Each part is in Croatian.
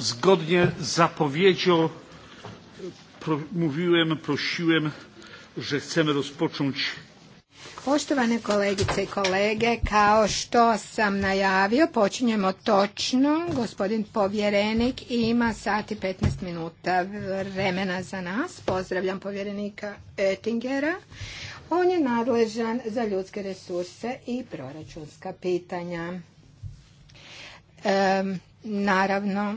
zgodnie z zapowiedzią mówiłem, prosiłem, że chcemy rozpocząć. Poštovane kolegice i kolege, kao što sam najavio, počinjemo točno. Gospodin povjerenik ima sati 15 minuta vremena za nas. Pozdravljam povjerenika Oettingera. On je nadležan za ljudske resurse i proračunska pitanja. naravno,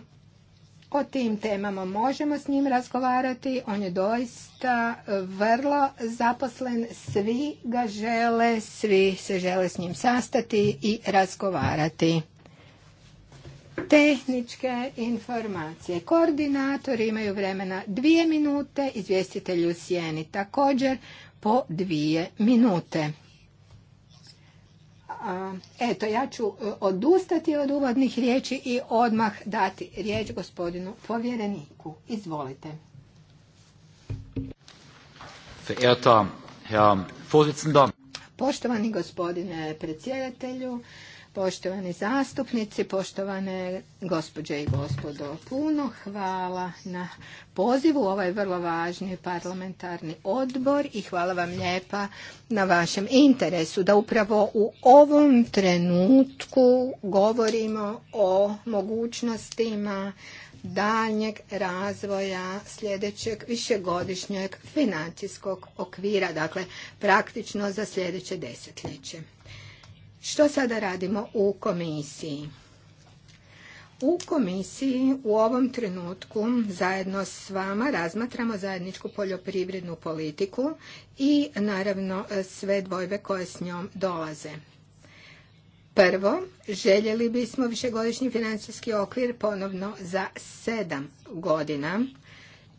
o tim temama. Možemo s njim razgovarati, on je doista vrlo zaposlen, svi ga žele, svi se žele s njim sastati i razgovarati. Tehničke informacije. Koordinatori imaju vremena dvije minute, izvjestitelju u sjeni također po dvije minute. Eto, ja ću e, odustati od uvodnih riječi i odmah dati riječ gospodinu povjereniku. Izvolite. Poštovani gospodine predsjedatelju, Poštovani zastupnici, poštovane gospođe i gospodo, puno hvala na pozivu u ovaj vrlo važni parlamentarni odbor i hvala vam lijepa na vašem interesu da upravo u ovom trenutku govorimo o mogućnostima daljnjeg razvoja sljedećeg višegodišnjeg financijskog okvira, dakle praktično za sljedeće desetljeće. Što sada radimo u komisiji? U komisiji u ovom trenutku zajedno s vama razmatramo zajedničku poljoprivrednu politiku i naravno sve dvojbe koje s njom dolaze. Prvo, željeli bismo višegodišnji financijski okvir ponovno za sedam godina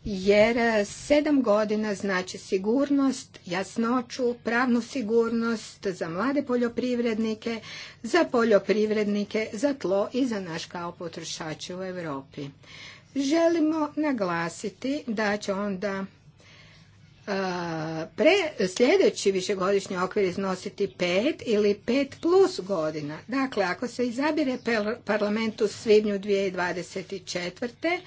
jer e, sedam godina znači sigurnost, jasnoću, pravnu sigurnost za mlade poljoprivrednike, za poljoprivrednike, za tlo i za naš kao potrošače u Europi. Želimo naglasiti da će onda e, pre, sljedeći višegodišnji okvir iznositi pet ili pet plus godina. Dakle, ako se izabire parlament u svibnju 2024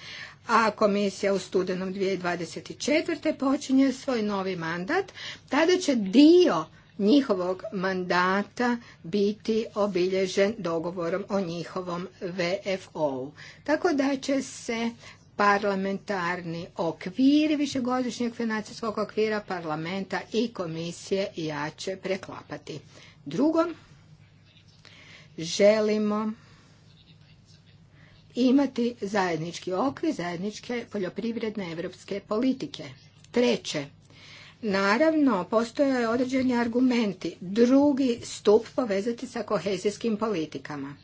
a komisija u studenom 2024. počinje svoj novi mandat, tada će dio njihovog mandata biti obilježen dogovorom o njihovom VFO-u. Tako da će se parlamentarni okvir višegodišnjeg financijskog okvira parlamenta i komisije jače preklapati. Drugo, želimo imati zajednički okvir, zajedničke poljoprivredne evropske politike. Treće, Naravno, postoje određeni argumenti. Drugi stup povezati sa kohezijskim politikama.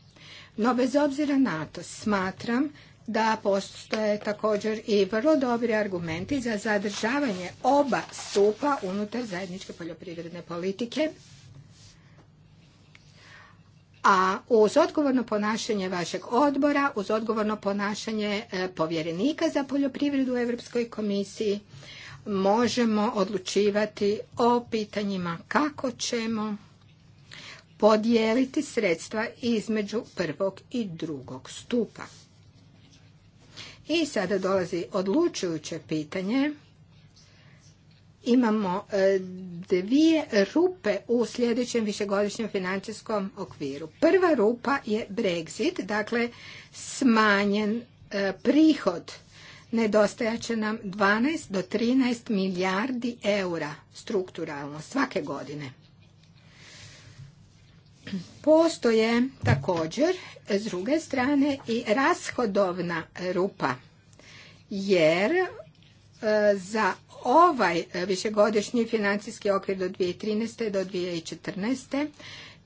No, bez obzira na to, smatram da postoje također i vrlo dobri argumenti za zadržavanje oba stupa unutar zajedničke poljoprivredne politike a uz odgovorno ponašanje vašeg odbora, uz odgovorno ponašanje e, povjerenika za poljoprivredu u Europskoj komisiji, možemo odlučivati o pitanjima kako ćemo podijeliti sredstva između prvog i drugog stupa. I sada dolazi odlučujuće pitanje imamo e, dvije rupe u sljedećem višegodišnjem financijskom okviru. Prva rupa je Brexit, dakle smanjen e, prihod. će nam 12 do 13 milijardi eura strukturalno svake godine. Postoje također s druge strane i rashodovna rupa jer E, za ovaj e, višegodišnji financijski okvir do 2013. do 2014.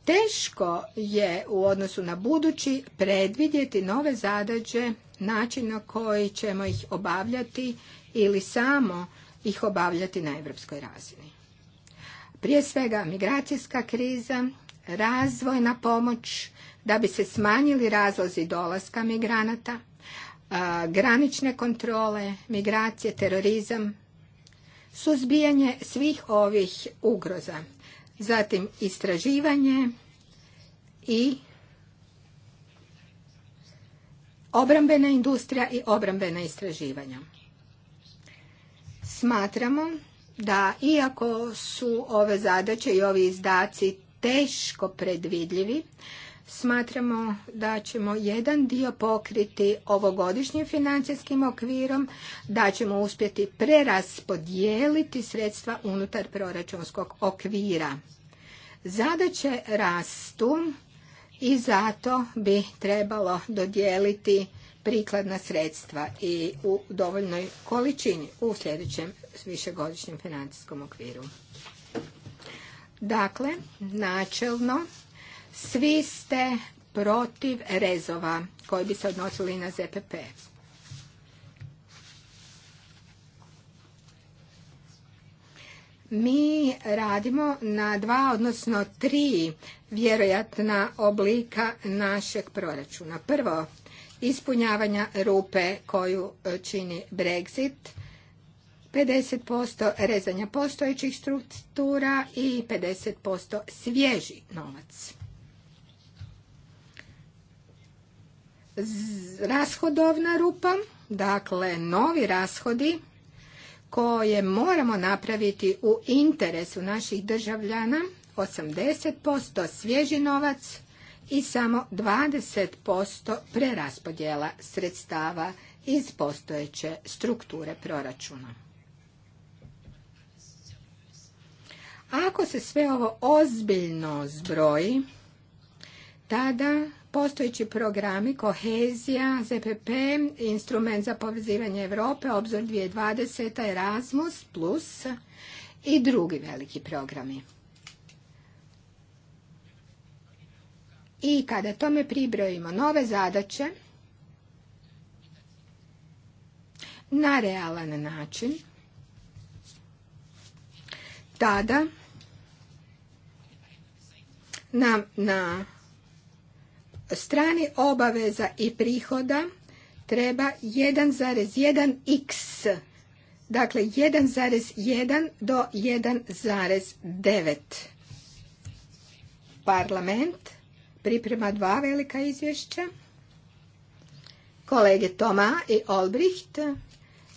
Teško je u odnosu na budući predvidjeti nove zadađe, način na koji ćemo ih obavljati ili samo ih obavljati na evropskoj razini. Prije svega migracijska kriza, razvojna pomoć da bi se smanjili razlozi dolaska migranata, granične kontrole, migracije, terorizam, suzbijanje svih ovih ugroza, zatim istraživanje i obrambena industrija i obrambena istraživanja. Smatramo da iako su ove zadaće i ovi izdaci teško predvidljivi, Smatramo da ćemo jedan dio pokriti ovogodišnjim financijskim okvirom, da ćemo uspjeti preraspodijeliti sredstva unutar proračunskog okvira. Zadaće rastu i zato bi trebalo dodijeliti prikladna sredstva i u dovoljnoj količini u sljedećem višegodišnjem financijskom okviru. Dakle, načelno svi ste protiv rezova koji bi se odnosili na ZPP. Mi radimo na dva, odnosno tri vjerojatna oblika našeg proračuna. Prvo, ispunjavanja rupe koju e, čini Brexit, 50% rezanja postojećih struktura i 50% svježi novac. rashodovna rupa, dakle novi rashodi koje moramo napraviti u interesu naših državljana, 80% svježi novac i samo 20% preraspodjela sredstava iz postojeće strukture proračuna. Ako se sve ovo ozbiljno zbroji, tada Postojeći programi kohezija, ZPP, instrument za povezivanje Europe, obzor 2020, Erasmus, plus i drugi veliki programi. I kada tome pribrojimo nove zadaće, na realan način, tada na strani obaveza i prihoda treba 1,1x, dakle 1,1 do 1,9. Parlament priprema dva velika izvješća. Kolege Toma i Olbricht,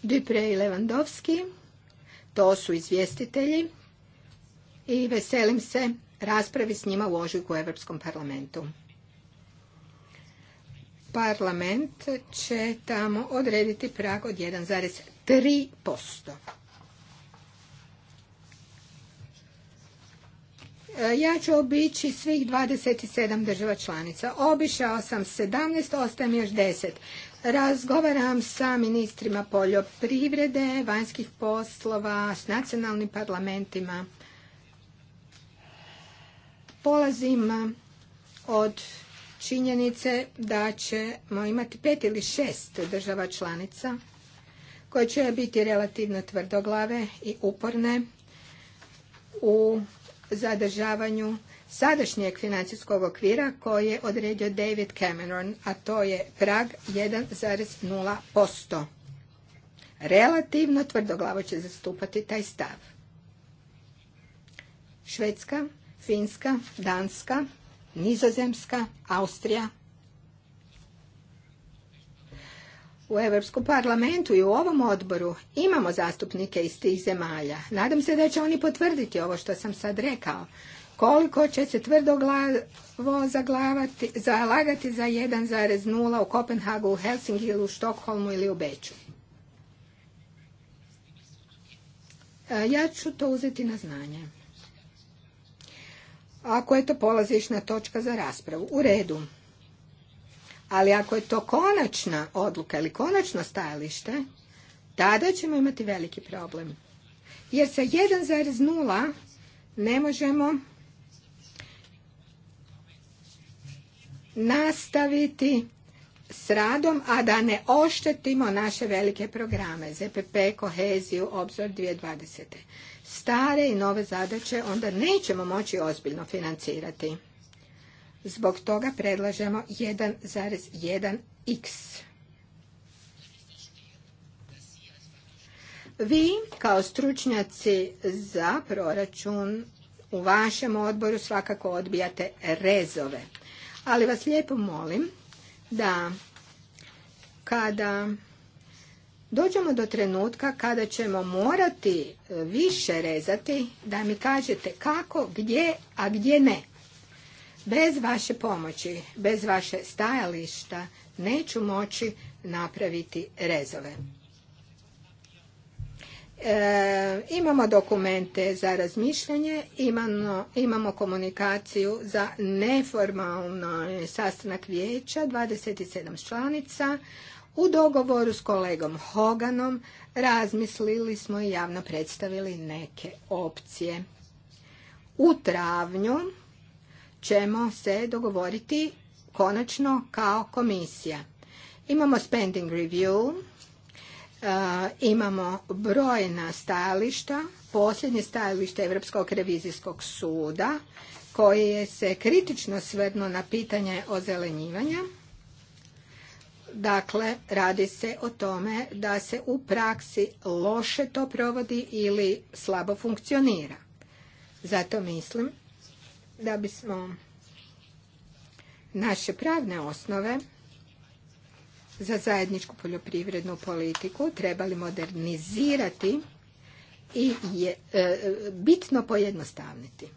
Dupre i Levandovski, to su izvjestitelji i veselim se raspravi s njima u ožujku u Europskom parlamentu parlament će tamo odrediti prag od 1,3%. E, ja ću obići svih 27 država članica. Obišao sam 17, ostajem još 10. Razgovaram sa ministrima poljoprivrede, vanjskih poslova, s nacionalnim parlamentima. Polazim od činjenice da ćemo imati pet ili šest država članica koje će biti relativno tvrdoglave i uporne u zadržavanju sadašnjeg financijskog okvira koji je odredio David Cameron, a to je prag 1,0%. Relativno tvrdoglavo će zastupati taj stav. Švedska, Finska, Danska Nizozemska, Austrija. U Evropskom parlamentu i u ovom odboru imamo zastupnike iz tih zemalja. Nadam se da će oni potvrditi ovo što sam sad rekao. Koliko će se tvrdo glavo zaglavati, zalagati za 1,0 u Kopenhagu, u ili u Štokholmu ili u Beću. E, ja ću to uzeti na znanje ako je to polazišna točka za raspravu. U redu. Ali ako je to konačna odluka ili konačno stajalište, tada ćemo imati veliki problem. Jer sa 1,0 ne možemo nastaviti s radom, a da ne oštetimo naše velike programe, ZPP, koheziju, obzor 2020 stare i nove zadaće onda nećemo moći ozbiljno financirati. Zbog toga predlažemo 1,1x. Vi kao stručnjaci za proračun u vašem odboru svakako odbijate rezove. Ali vas lijepo molim da kada dođemo do trenutka kada ćemo morati e, više rezati da mi kažete kako, gdje, a gdje ne. Bez vaše pomoći, bez vaše stajališta neću moći napraviti rezove. E, imamo dokumente za razmišljanje, imamo, imamo komunikaciju za neformalno sastanak vijeća, 27 članica, u dogovoru s kolegom Hoganom razmislili smo i javno predstavili neke opcije. U travnju ćemo se dogovoriti konačno kao komisija. Imamo spending review, e, imamo brojna stajališta, posljednje stajalište Europskog revizijskog suda, koje se kritično svedno na pitanje ozelenjivanja Dakle, radi se o tome da se u praksi loše to provodi ili slabo funkcionira. Zato mislim da bismo naše pravne osnove za zajedničku poljoprivrednu politiku trebali modernizirati i je, e, bitno pojednostavniti.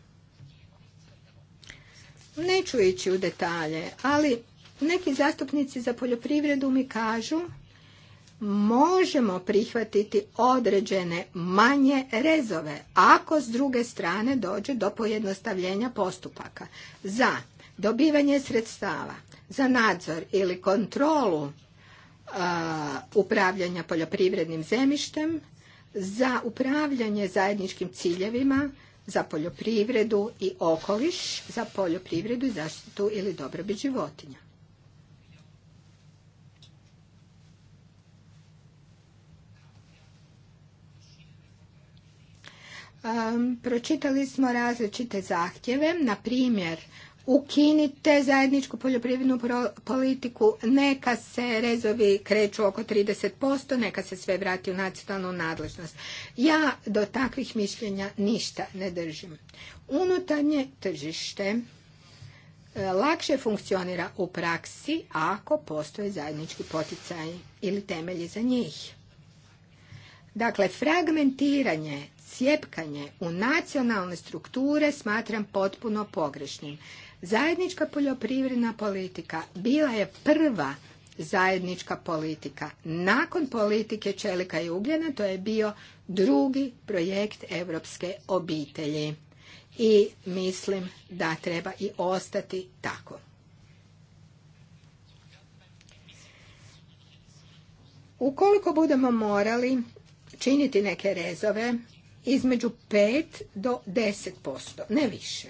Neću ići u detalje, ali neki zastupnici za poljoprivredu mi kažu možemo prihvatiti određene manje rezove ako s druge strane dođe do pojednostavljenja postupaka za dobivanje sredstava za nadzor ili kontrolu upravljanja poljoprivrednim zemljištem, za upravljanje zajedničkim ciljevima, za poljoprivredu i okoliš, za poljoprivredu i zaštitu ili dobrobit životinja. pročitali smo različite zahtjeve, na primjer ukinite zajedničku poljoprivrednu politiku, neka se rezovi kreću oko 30%, neka se sve vrati u nacionalnu nadležnost. Ja do takvih mišljenja ništa ne držim. Unutarnje tržište eh, lakše funkcionira u praksi ako postoje zajednički poticaji ili temelji za njih. Dakle, fragmentiranje sjepkanje u nacionalne strukture smatram potpuno pogrešnim. Zajednička poljoprivredna politika bila je prva zajednička politika. Nakon politike čelika i ugljena to je bio drugi projekt europske obitelji. I mislim da treba i ostati tako. Ukoliko budemo morali činiti neke rezove, između 5 do 10%, ne više.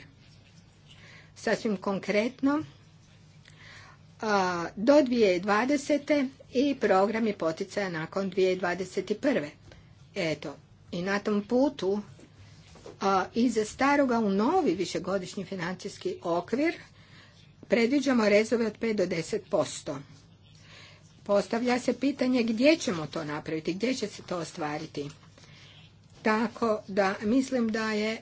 Sasvim konkretno, do 2020. i programi poticaja nakon 2021. Eto, i na tom putu iza staroga u novi višegodišnji financijski okvir predviđamo rezove od 5 do 10%. Postavlja se pitanje gdje ćemo to napraviti, gdje će se to ostvariti. Tako da mislim da je e,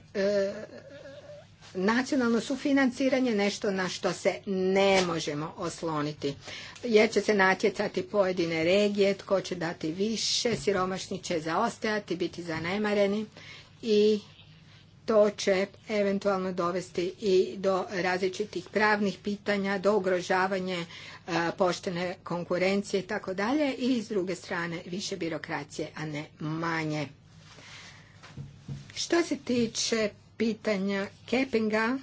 nacionalno sufinanciranje nešto na što se ne možemo osloniti. Jer će se natjecati pojedine regije, tko će dati više, siromašni će zaostajati, biti zanemareni i to će eventualno dovesti i do različitih pravnih pitanja, do ugrožavanja e, poštene konkurencije i tako dalje i s druge strane više birokracije, a ne manje. Što se tiče pitanja kepinga,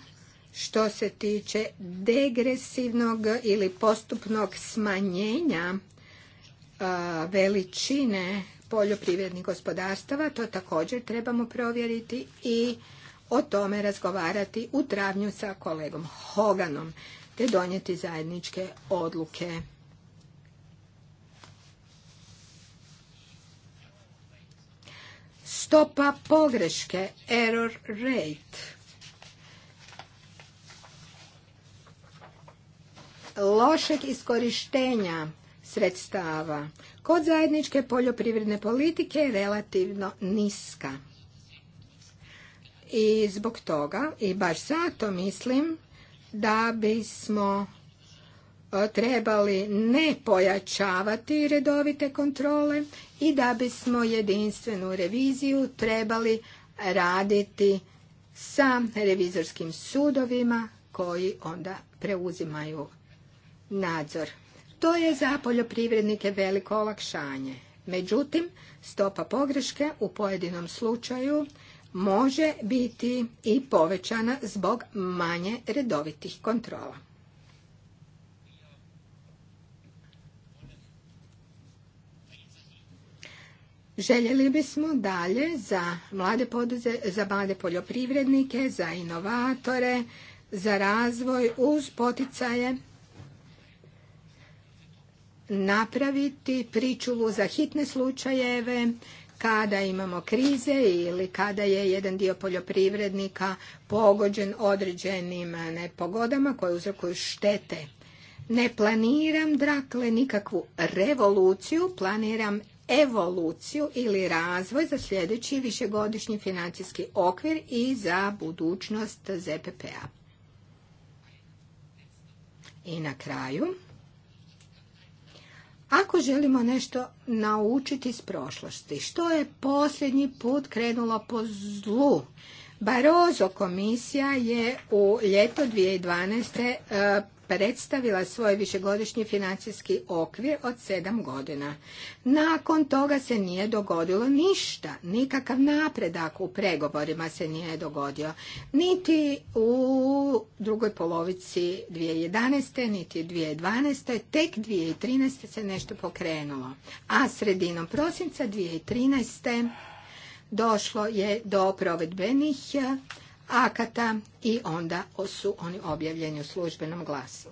što se tiče degresivnog ili postupnog smanjenja veličine poljoprivrednih gospodarstava, to također trebamo provjeriti i o tome razgovarati u travnju sa kolegom Hoganom te donijeti zajedničke odluke stopa pogreške, error rate. lošeg iskorištenja sredstava kod zajedničke poljoprivredne politike je relativno niska. I zbog toga, i baš zato mislim da bismo E, trebali ne pojačavati redovite kontrole i da bismo jedinstvenu reviziju trebali raditi sa revizorskim sudovima koji onda preuzimaju nadzor. To je za poljoprivrednike veliko olakšanje. Međutim, stopa pogreške u pojedinom slučaju može biti i povećana zbog manje redovitih kontrola. Željeli bismo dalje za mlade, za mlade poljoprivrednike, za inovatore, za razvoj uz poticaje napraviti pričuvu za hitne slučajeve kada imamo krize ili kada je jedan dio poljoprivrednika pogođen određenim nepogodama koje uzrokuju štete. Ne planiram dakle nikakvu revoluciju, planiram evoluciju ili razvoj za sljedeći višegodišnji financijski okvir i za budućnost ZPP-a. I na kraju, ako želimo nešto naučiti iz prošlosti, što je posljednji put krenulo po zlu Barozo komisija je u ljeto 2012 e, predstavila svoj višegodišnji financijski okvir od sedam godina. Nakon toga se nije dogodilo ništa, nikakav napredak u pregovorima se nije dogodio, niti u drugoj polovici 2011. niti 2012. Tek 2013. se nešto pokrenulo, a sredinom prosinca 2013 došlo je do provedbenih akata i onda su oni objavljeni u službenom glasu.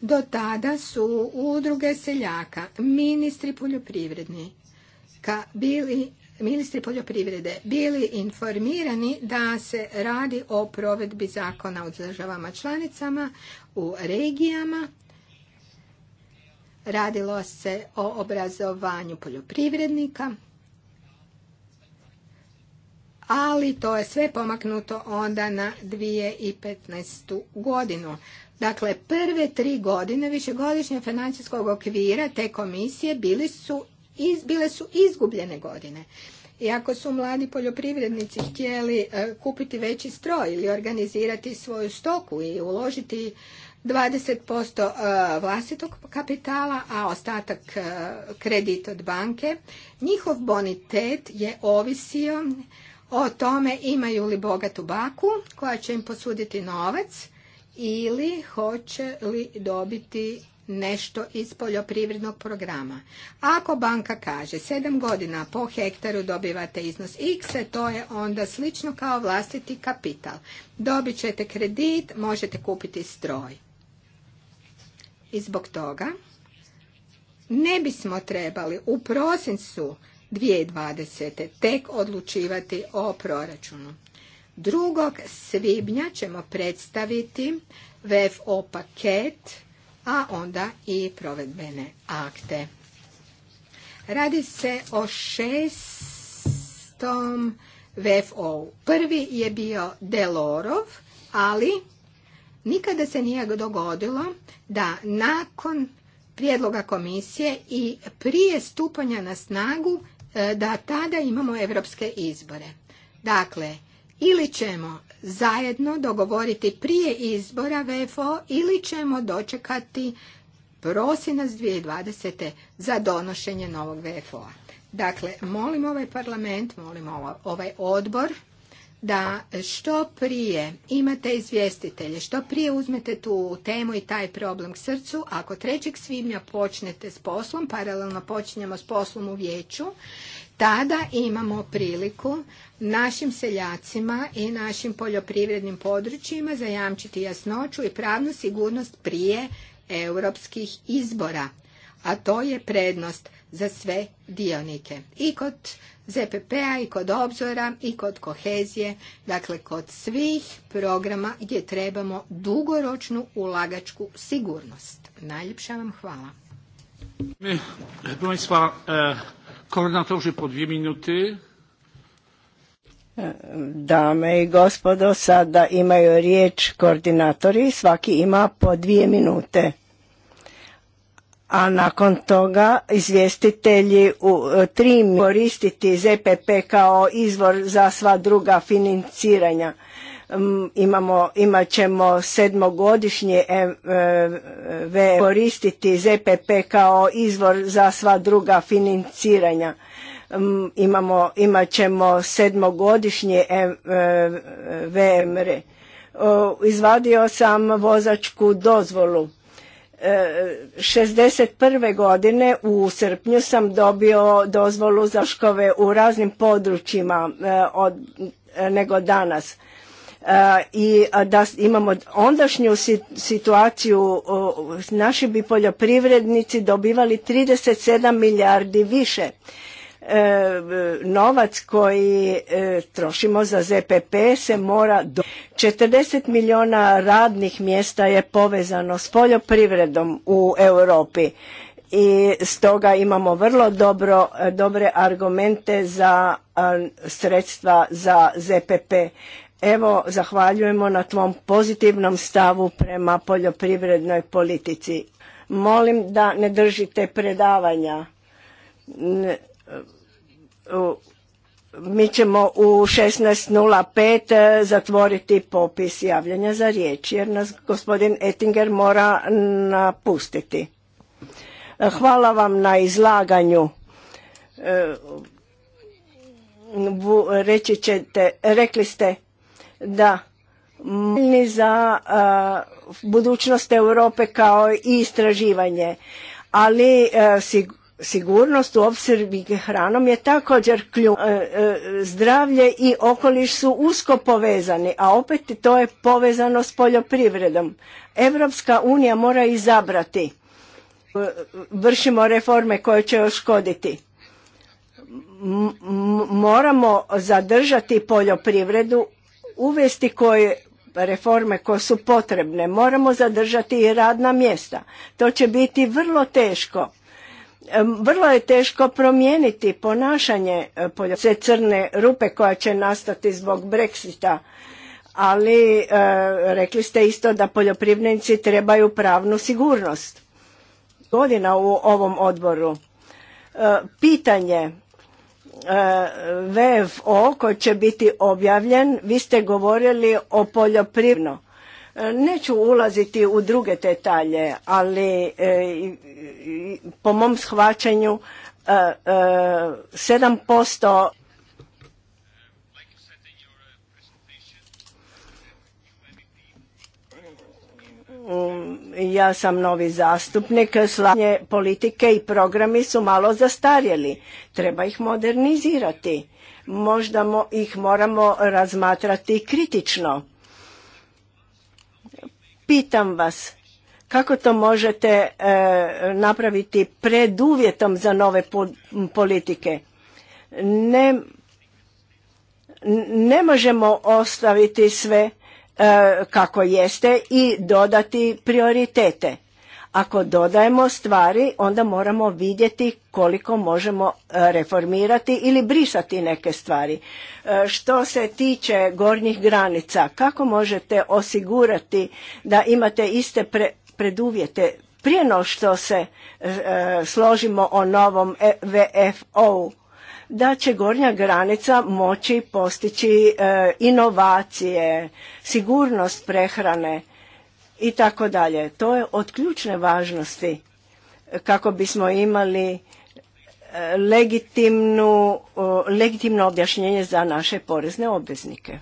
Do tada su udruge seljaka, ministri poljoprivrednika, bili ministri poljoprivrede bili informirani da se radi o provedbi zakona u državama članicama, u regijama. Radilo se o obrazovanju poljoprivrednika, ali to je sve pomaknuto onda na 2015. godinu. Dakle, prve tri godine višegodišnjeg financijskog okvira te komisije bili su, iz, bile su izgubljene godine. I ako su mladi poljoprivrednici htjeli e, kupiti veći stroj ili organizirati svoju stoku i uložiti 20% e, vlastitog kapitala, a ostatak e, kredit od banke, njihov bonitet je ovisio o tome imaju li bogatu baku koja će im posuditi novac ili hoće li dobiti nešto iz poljoprivrednog programa. Ako banka kaže 7 godina po hektaru dobivate iznos X, to je onda slično kao vlastiti kapital. Dobit ćete kredit, možete kupiti stroj. I zbog toga ne bismo trebali u prosincu 2020. tek odlučivati o proračunu. 2. svibnja ćemo predstaviti VFO paket, a onda i provedbene akte. Radi se o šestom VFO. Prvi je bio Delorov, ali nikada se nije dogodilo da nakon prijedloga komisije i prije stupanja na snagu E, da tada imamo europske izbore. Dakle, ili ćemo zajedno dogovoriti prije izbora VFO ili ćemo dočekati prosinac 2020. za donošenje novog VFO-a. Dakle, molim ovaj parlament, molim ovaj odbor da što prije imate izvjestitelje, što prije uzmete tu temu i taj problem k srcu, ako 3. svibnja počnete s poslom, paralelno počinjemo s poslom u vijeću, tada imamo priliku našim seljacima i našim poljoprivrednim područjima zajamčiti jasnoću i pravnu sigurnost prije europskih izbora a to je prednost za sve dionike. I kod ZPP-a, i kod obzora, i kod kohezije, dakle kod svih programa gdje trebamo dugoročnu ulagačku sigurnost. Najljepša vam hvala. E, e, dame i gospodo, sada imaju riječ koordinatori, svaki ima po dvije minute a nakon toga izvjestitelji u e, tri koristiti ZPP kao izvor za sva druga financiranja. Imamo, imat ćemo sedmogodišnje e, e, v koristiti ZPP kao izvor za sva druga financiranja. Imamo, imat ćemo sedmogodišnje VMR. Izvadio sam vozačku dozvolu 61. godine u srpnju sam dobio dozvolu za škove u raznim područjima eh, od, nego danas. Eh, I eh, da imamo ondašnju situaciju, naši bi poljoprivrednici dobivali 37 milijardi više E, novac koji e, trošimo za ZPP se mora do 40 milijuna radnih mjesta je povezano s poljoprivredom u Europi i stoga imamo vrlo dobro, e, dobre argumente za sredstva za ZPP. Evo, zahvaljujemo na tvom pozitivnom stavu prema poljoprivrednoj politici. Molim da ne držite predavanja mi ćemo u 16.05 e, zatvoriti popis javljanja za riječ jer nas gospodin Ettinger mora napustiti. E, hvala vam na izlaganju. E, reći ćete, rekli ste da ni za budućnost Europe kao i istraživanje, ali sigurnost u opskrbi hranom je također ključ e, e, Zdravlje i okoliš su usko povezani, a opet to je povezano s poljoprivredom. Evropska unija mora izabrati. E, vršimo reforme koje će još škoditi. moramo zadržati poljoprivredu, uvesti koje reforme koje su potrebne. Moramo zadržati i radna mjesta. To će biti vrlo teško vrlo je teško promijeniti ponašanje sve crne rupe koja će nastati zbog Brexita, ali e, rekli ste isto da poljoprivrednici trebaju pravnu sigurnost. Godina u ovom odboru. E, pitanje e, VFO koji će biti objavljen, vi ste govorili o poljoprivredno E, neću ulaziti u druge detalje, ali e, po mom shvaćanju 7% e, mm, ja sam novi zastupnik, slanje politike i programi su malo zastarjeli. Treba ih modernizirati. Možda ih moramo razmatrati kritično Pitam vas, kako to možete e, napraviti preduvjetom za nove politike? Ne, ne možemo ostaviti sve e, kako jeste i dodati prioritete. Ako dodajemo stvari, onda moramo vidjeti koliko možemo e, reformirati ili brisati neke stvari. E, što se tiče gornjih granica, kako možete osigurati da imate iste preduvjete prije no što se e, složimo o novom vfo da će gornja granica moći postići inovacije, sigurnost prehrane, i tako dalje. To je od ključne važnosti kako bismo imali e, legitimnu, legitimno objašnjenje za naše porezne obveznike.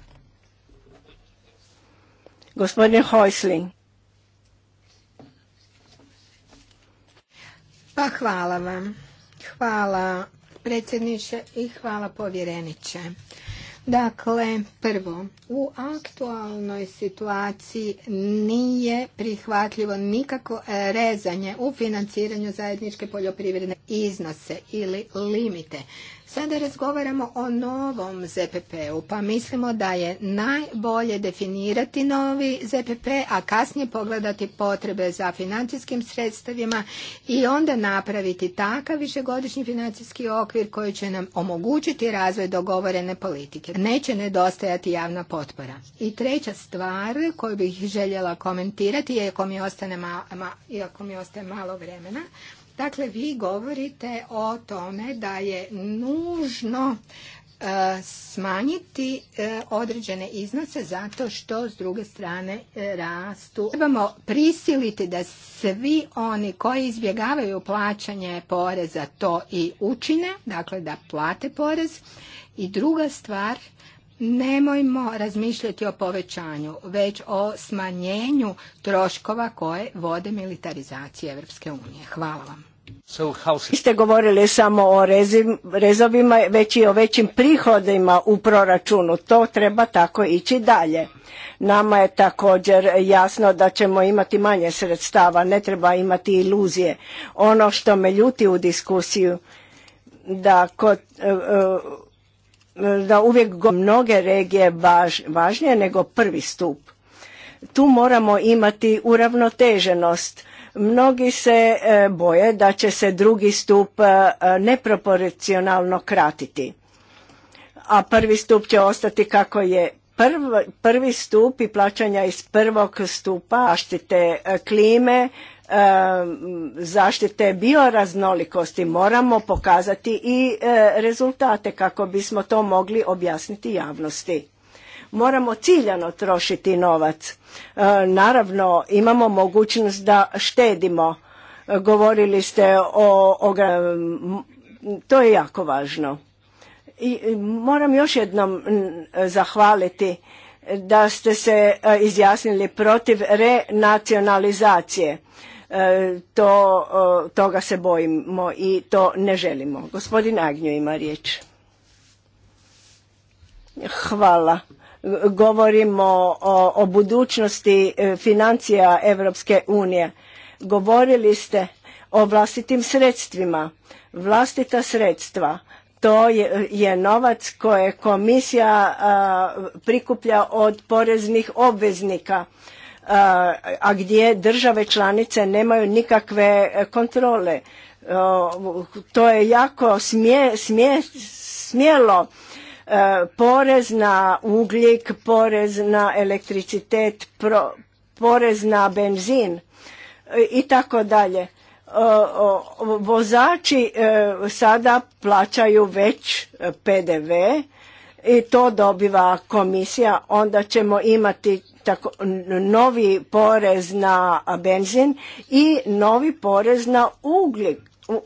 Gospodin Hojsling. Pa hvala vam. Hvala predsjedniče i hvala povjereniče. Dakle, prvo, u aktualnoj situaciji nije prihvatljivo nikako rezanje u financiranju zajedničke poljoprivredne iznose ili limite. Sada razgovaramo o novom ZPP-u, pa mislimo da je najbolje definirati novi ZPP, a kasnije pogledati potrebe za financijskim sredstavima i onda napraviti takav višegodišnji financijski okvir koji će nam omogućiti razvoj dogovorene politike. Neće nedostajati javna potpora. I treća stvar koju bih željela komentirati, iako mi, ostane iako mi ostaje malo vremena, Dakle, vi govorite o tome da je nužno e, smanjiti e, određene iznose zato što s druge strane e, rastu. Trebamo prisiliti da svi oni koji izbjegavaju plaćanje poreza to i učine, dakle da plate porez. I druga stvar, nemojmo razmišljati o povećanju, već o smanjenju troškova koje vode militarizacije EU. unije. Hvala vam ste govorili samo o rezovima, već i o većim prihodima u proračunu. To treba tako ići dalje. Nama je također jasno da ćemo imati manje sredstava, ne treba imati iluzije. Ono što me ljuti u diskusiju, da kod e, e, da uvijek go mnoge regije važnije nego prvi stup. Tu moramo imati uravnoteženost Mnogi se e, boje da će se drugi stup e, neproporcionalno kratiti, a prvi stup će ostati kako je prvi stup i plaćanja iz prvog stupa zaštite e, klime, zaštite bioraznolikosti moramo pokazati i rezultate kako bismo to mogli objasniti javnosti. Moramo ciljano trošiti novac. E, naravno, imamo mogućnost da štedimo. E, govorili ste o, to je jako važno. I moram još jednom zahvaliti da ste se e, izjasnili protiv renacionalizacije. To, toga se bojimo i to ne želimo. Gospodin Agnju ima riječ. Hvala govorimo o, budućnosti e, financija Europske unije. Govorili ste o vlastitim sredstvima. Vlastita sredstva, to je, novac koje komisija prikuplja od poreznih obveznika, a, gdje države članice nemaju nikakve kontrole. to je jako smjelo E, porez na ugljik, porez na elektricitet, porez na benzin e, i tako dalje. E, vozači sada plaćaju već PDV i to dobiva komisija, onda ćemo imati novi porez na benzin i novi porez na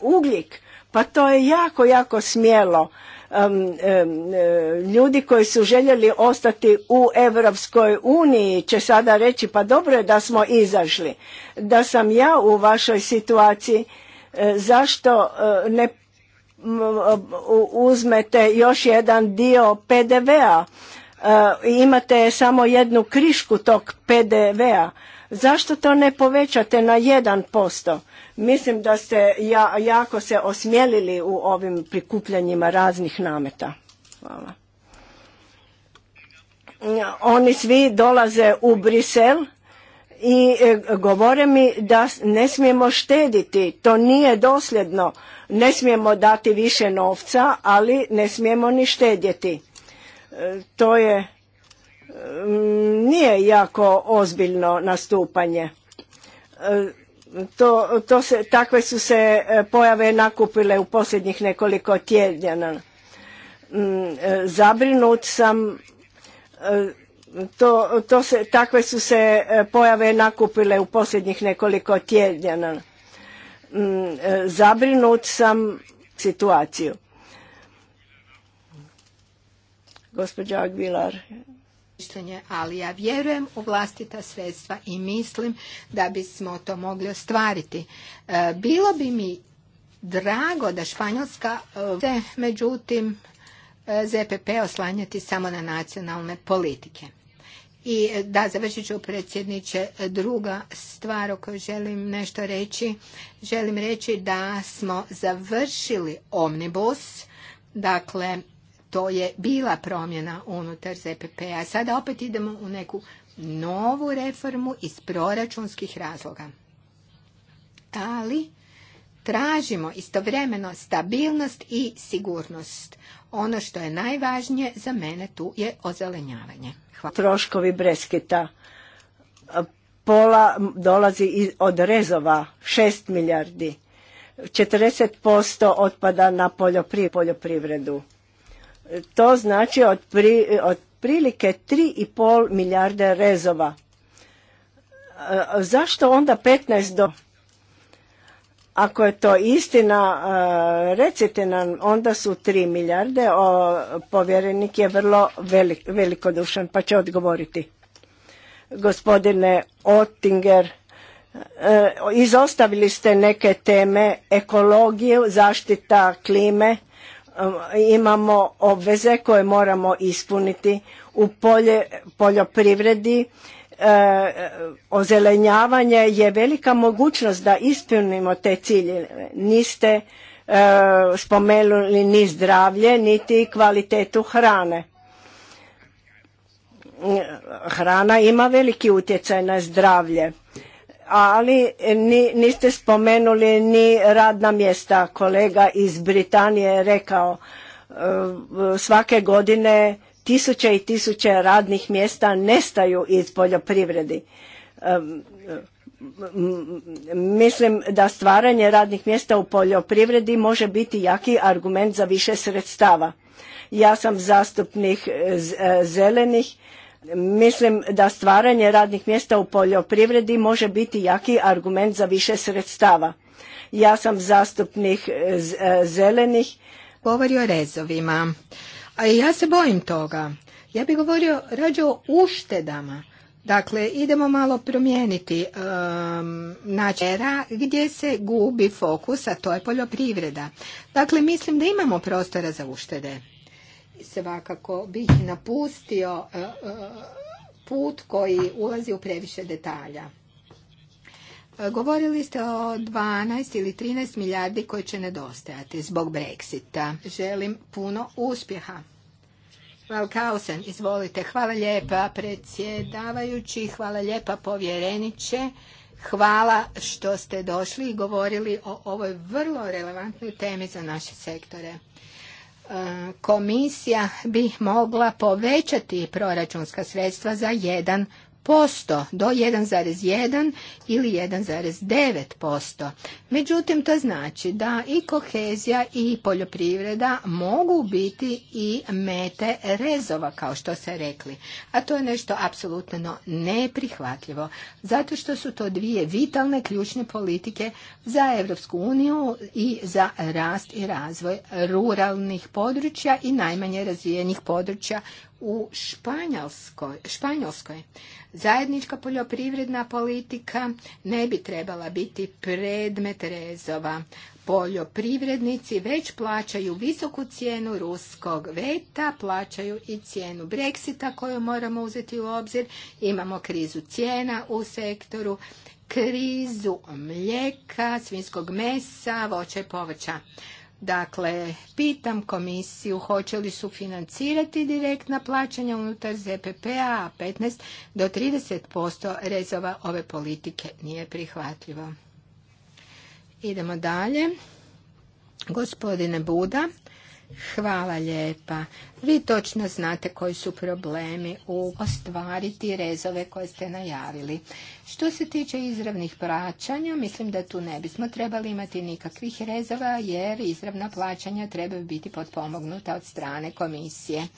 ugljik. Pa to je jako, jako smjelo. Um, um, uh, ljudi koji su željeli ostati u Europskoj uniji će sada reći pa dobro je da smo izašli. Da sam ja u vašoj situaciji uh, zašto uh, ne uzmete još jedan dio PDV-a i imate samo jednu krišku tog PDV-a. Zašto to ne povećate na 1%? Mislim da ste jako se osmjelili u ovim prikupljanjima raznih nameta. Oni svi dolaze u Brisel i e, govore mi da ne smijemo štediti, to nije dosljedno, ne smijemo dati više novca, ali ne smijemo ni štedjeti. E, to je e, nije jako ozbiljno nastupanje. To, se, takve su se e, pojave nakupile u posljednjih nekoliko tjedana. Mm, e, zabrinut sam e, to, takve su se pojave nakupile u posljednjih nekoliko tjedana. Mm, zabrinut sam situaciju. Gospođa Aguilar ali ja vjerujem u vlastita sredstva i mislim da bismo to mogli ostvariti. E, bilo bi mi drago da Španjolska, e, međutim, e, ZPP oslanjati samo na nacionalne politike. I da, završit ću predsjedniče. Druga stvar o kojoj želim nešto reći, želim reći da smo završili omnibus, dakle to je bila promjena unutar ZPP-a. Sada opet idemo u neku novu reformu iz proračunskih razloga. Ali tražimo istovremeno stabilnost i sigurnost. Ono što je najvažnije za mene tu je ozelenjavanje. Troškovi Breskita. Pola dolazi od rezova, 6 milijardi. 40% otpada na poljoprivredu to znači otprilike 3,5 milijarde rezova. E, zašto onda 15 do... Ako je to istina, e, recite nam, onda su 3 milijarde, o, povjerenik je vrlo velik, velikodušan, pa će odgovoriti. Gospodine Ottinger, e, izostavili ste neke teme, ekologiju, zaštita klime, imamo obveze koje moramo ispuniti u poljoprivredi. E, ozelenjavanje je velika mogućnost da ispunimo te ciljeve. Niste e, spomenuli ni zdravlje, niti kvalitetu hrane. Hrana ima veliki utjecaj na zdravlje ali niste spomenuli ni radna mjesta. Kolega iz Britanije je rekao e, svake godine tisuće i tisuće radnih mjesta nestaju iz poljoprivredi. E, mislim da stvaranje radnih mjesta u poljoprivredi može biti jaki argument za više sredstava. Ja sam zastupnik e, zelenih Mislim da stvaranje radnih mjesta u poljoprivredi može biti jaki argument za više sredstava. Ja sam zastupnik e, e, zelenih. Govori o rezovima. A ja se bojim toga. Ja bih govorio rađe o uštedama. Dakle, idemo malo promijeniti um, načera gdje se gubi fokus, a to je poljoprivreda. Dakle, mislim da imamo prostora za uštede svakako bih napustio e, e, put koji ulazi u previše detalja. E, govorili ste o 12 ili 13 milijardi koji će nedostajati zbog Brexita. Želim puno uspjeha. Valkausen, izvolite. Hvala lijepa predsjedavajući, hvala lijepa povjereniče. Hvala što ste došli i govorili o ovoj vrlo relevantnoj temi za naše sektore. E, komisija bi mogla povećati proračunska sredstva za 1 posto do 1,1 ili 1,9%. Međutim, to znači da i kohezija i poljoprivreda mogu biti i mete rezova, kao što se rekli. A to je nešto apsolutno neprihvatljivo, zato što su to dvije vitalne ključne politike za Europsku uniju i za rast i razvoj ruralnih područja i najmanje razvijenih područja u Španjolskoj, zajednička poljoprivredna politika ne bi trebala biti predmet rezova. Poljoprivrednici već plaćaju visoku cijenu ruskog veta, plaćaju i cijenu breksita koju moramo uzeti u obzir. Imamo krizu cijena u sektoru, krizu mlijeka, svinskog mesa, voća i povrća. Dakle, pitam komisiju hoće li financirati direktna plaćanja unutar ZPP-a, a 15 do 30% rezova ove politike nije prihvatljivo. Idemo dalje. Gospodine Buda, hvala lijepa. Vi točno znate koji su problemi u ostvariti rezove koje ste najavili. Što se tiče izravnih plaćanja, mislim da tu ne bismo trebali imati nikakvih rezova jer izravna plaćanja treba biti potpomognuta od strane komisije.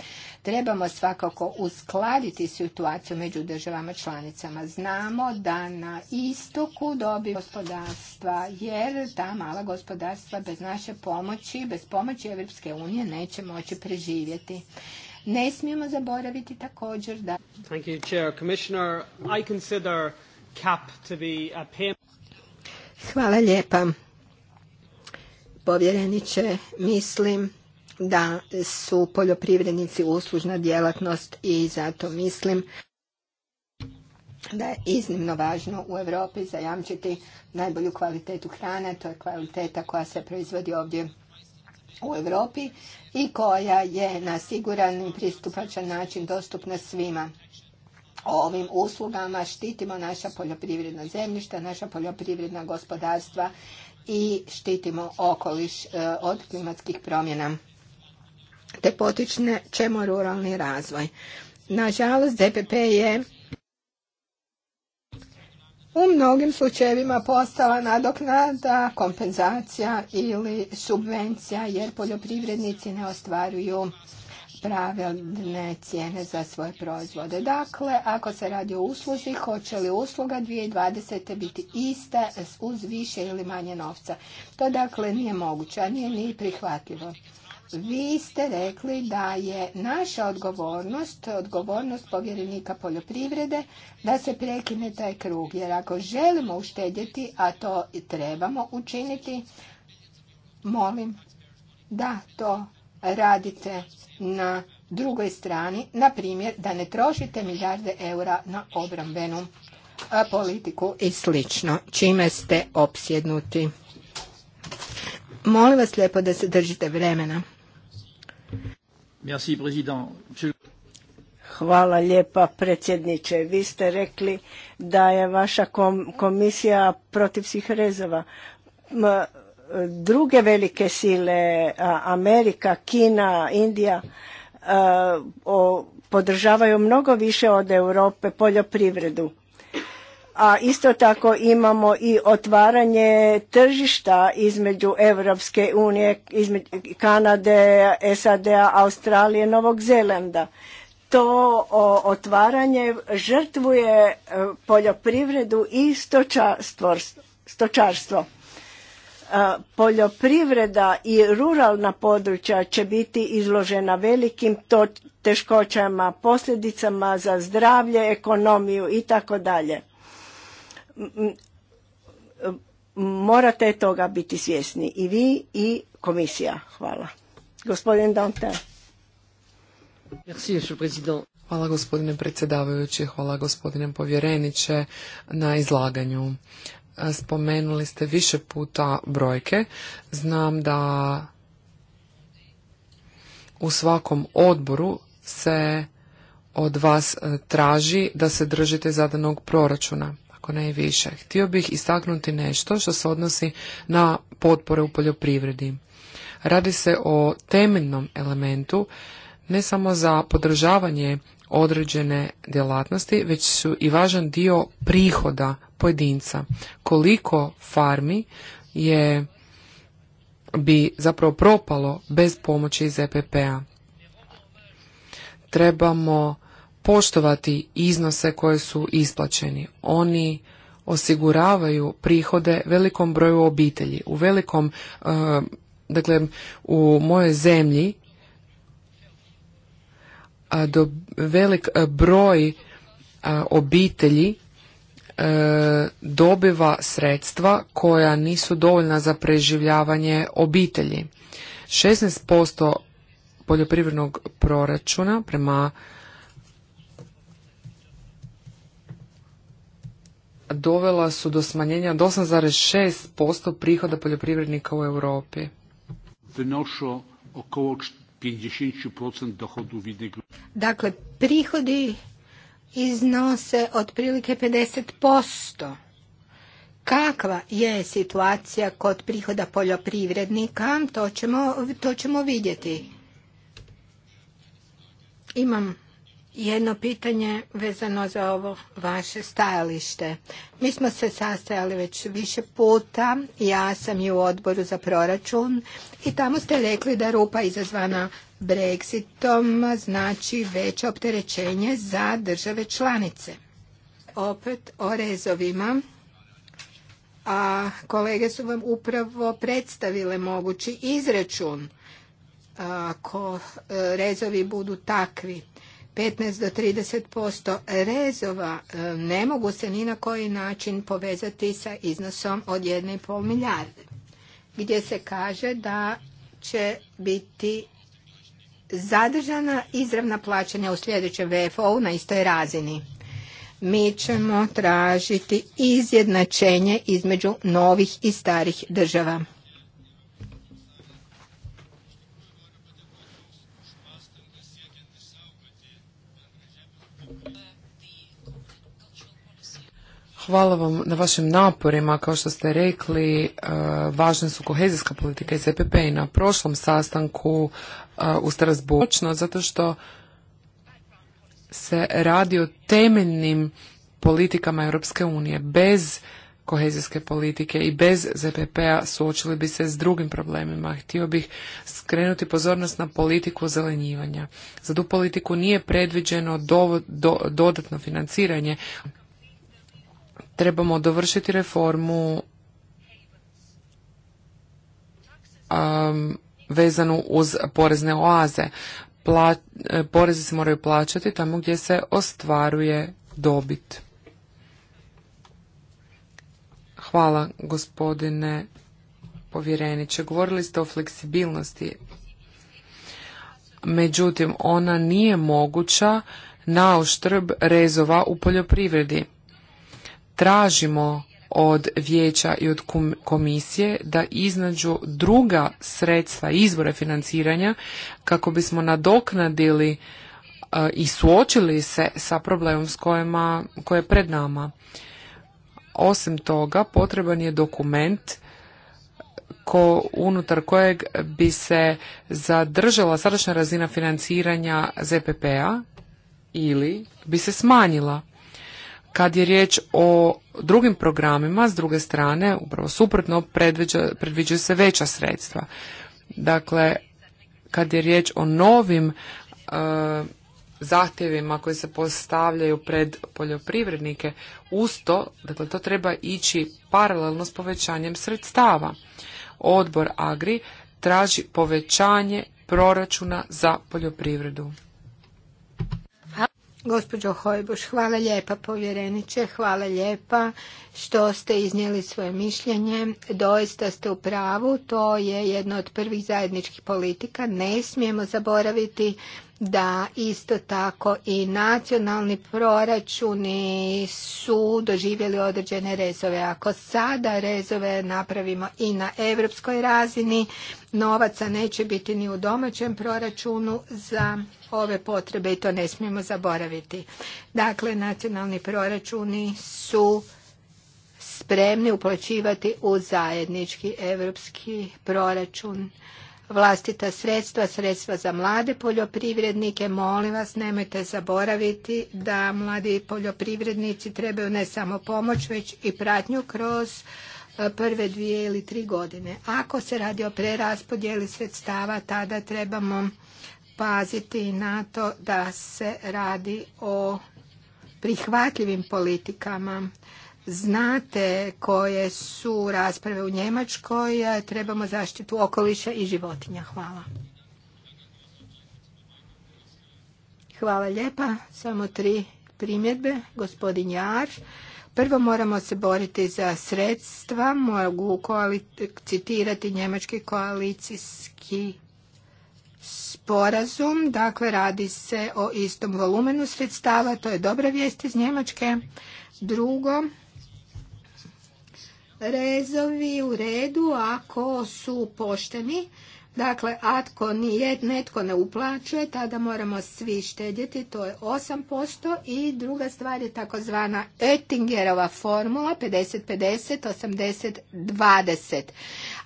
Trebamo svakako uskladiti situaciju među državama članicama. Znamo da na istoku dobi gospodarstva jer ta mala gospodarstva bez naše pomoći, bez pomoći Europske unije neće moći preživjeti. Ne smijemo zaboraviti također da... Thank you, Chair. Commissioner, I consider cap to be a payment... Hvala lijepa. Povjereniče, mislim da su poljoprivrednici uslužna djelatnost i zato mislim da je iznimno važno u Europi zajamčiti najbolju kvalitetu hrane, to je kvaliteta koja se proizvodi ovdje u Europi i koja je na siguran i pristupačan način dostupna svima. ovim uslugama štitimo naša poljoprivredna zemljišta, naša poljoprivredna gospodarstva i štitimo okoliš e, od klimatskih promjena te potične ćemo ruralni razvoj. Nažalost, DPP je u mnogim slučajevima postala nadoknada, kompenzacija ili subvencija jer poljoprivrednici ne ostvaruju pravilne cijene za svoje proizvode. Dakle, ako se radi o usluzi, hoće li usluga 2020. biti ista uz više ili manje novca? To dakle nije moguće, a nije ni prihvatljivo. Vi ste rekli da je naša odgovornost, odgovornost povjerenika poljoprivrede, da se prekine taj krug. Jer ako želimo uštedjeti, a to i trebamo učiniti, molim da to radite na drugoj strani, na primjer da ne trošite milijarde eura na obrambenu politiku i slično, čime ste opsjednuti. Molim vas lijepo da se držite vremena. Hvala lijepa predsjedniče. Vi ste rekli da je vaša komisija protiv svih rezova. E, druge velike sile, Amerika, Kina, Indija, e, podržavaju mnogo više od Europe poljoprivredu a isto tako imamo i otvaranje tržišta između Europske unije, između Kanade, SAD-a, Australije, Novog Zelanda. To otvaranje žrtvuje e, poljoprivredu i stočarstvo. E, poljoprivreda i ruralna područja će biti izložena velikim teškoćama, posljedicama za zdravlje, ekonomiju i tako dalje morate toga biti svjesni i vi i komisija. Hvala. Gospodin Dante. Hvala gospodine predsjedavajući, hvala gospodine povjereniče na izlaganju. E, spomenuli ste više puta brojke. Znam da u svakom odboru se od vas e, traži da se držite zadanog proračuna ako ne i više. Htio bih istaknuti nešto što se odnosi na potpore u poljoprivredi. Radi se o temeljnom elementu ne samo za podržavanje određene djelatnosti, već su i važan dio prihoda pojedinca. Koliko farmi je bi zapravo propalo bez pomoći iz EPP-a. Trebamo poštovati iznose koje su isplaćeni. Oni osiguravaju prihode velikom broju obitelji. U velikom, eh, dakle, u mojoj zemlji velik eh, broj eh, obitelji dobiva sredstva koja nisu dovoljna za preživljavanje obitelji. 16% poljoprivrednog proračuna prema dovela su do smanjenja od 8,6% prihoda poljoprivrednika u Europi. 50% Dakle, prihodi iznose otprilike 50%. Kakva je situacija kod prihoda poljoprivrednika, to ćemo vidjeti. Imam jedno pitanje vezano za ovo vaše stajalište. Mi smo se sastajali već više puta, ja sam i u odboru za proračun i tamo ste rekli da rupa izazvana Brexitom znači veće opterećenje za države članice. Opet o rezovima, a kolege su vam upravo predstavile mogući izračun ako rezovi budu takvi. 15 do 30% rezova e, ne mogu se ni na koji način povezati sa iznosom od 1,5 milijarde. Gdje se kaže da će biti zadržana izravna plaćanja u sljedećem vfo na istoj razini. Mi ćemo tražiti izjednačenje između novih i starih država. Hvala vam na vašim naporima. Kao što ste rekli, e, važne su kohezijska politika i CPP i na prošlom sastanku e, u Strasbourgu. Zato što se radi o temeljnim politikama Europske unije. Bez kohezijske politike i bez ZPP-a suočili bi se s drugim problemima. Htio bih skrenuti pozornost na politiku zelenjivanja. Za tu politiku nije predviđeno dodatno financiranje trebamo dovršiti reformu um, vezanu uz porezne oaze. E, porezi se moraju plaćati tamo gdje se ostvaruje dobit. Hvala gospodine povjereniče. Govorili ste o fleksibilnosti. Međutim, ona nije moguća na oštrb rezova u poljoprivredi tražimo od vijeća i od komisije da iznađu druga sredstva, izvore financiranja kako bismo nadoknadili e, i suočili se sa problemom s koje je pred nama. Osim toga, potreban je dokument ko, unutar kojeg bi se zadržala sadašnja razina financiranja ZPP-a ili bi se smanjila kad je riječ o drugim programima, s druge strane, upravo suprotno, predviđaju se veća sredstva. Dakle, kad je riječ o novim e, zahtjevima koji se postavljaju pred poljoprivrednike, usto, dakle, to treba ići paralelno s povećanjem sredstava. Odbor Agri traži povećanje proračuna za poljoprivredu. Gospođo Hojboš, hvala lijepa povjereniče, hvala lijepa što ste iznijeli svoje mišljenje. Doista ste u pravu, to je jedna od prvih zajedničkih politika. Ne smijemo zaboraviti da isto tako i nacionalni proračuni su doživjeli određene rezove. Ako sada rezove napravimo i na europskoj razini, novaca neće biti ni u domaćem proračunu za ove potrebe i to ne smijemo zaboraviti. Dakle, nacionalni proračuni su spremni uplaćivati u zajednički europski proračun vlastita sredstva, sredstva za mlade poljoprivrednike. Molim vas, nemojte zaboraviti da mladi poljoprivrednici trebaju ne samo pomoć, već i pratnju kroz e, prve dvije ili tri godine. Ako se radi o preraspodjeli sredstava, tada trebamo paziti na to da se radi o prihvatljivim politikama. Znate koje su rasprave u Njemačkoj, trebamo zaštitu okoliša i životinja. Hvala. Hvala lijepa, samo tri primjedbe, gospodin Jar. Prvo moramo se boriti za sredstva, mogu citirati njemački koalicijski sporazum, dakle radi se o istom volumenu sredstava, to je dobra vijest iz Njemačke. Drugo, rezovi u redu ako su pošteni. Dakle, ako nije, netko ne uplaćuje, tada moramo svi štedjeti, to je 8%. I druga stvar je takozvana Ettingerova formula, 50-50, 80-20.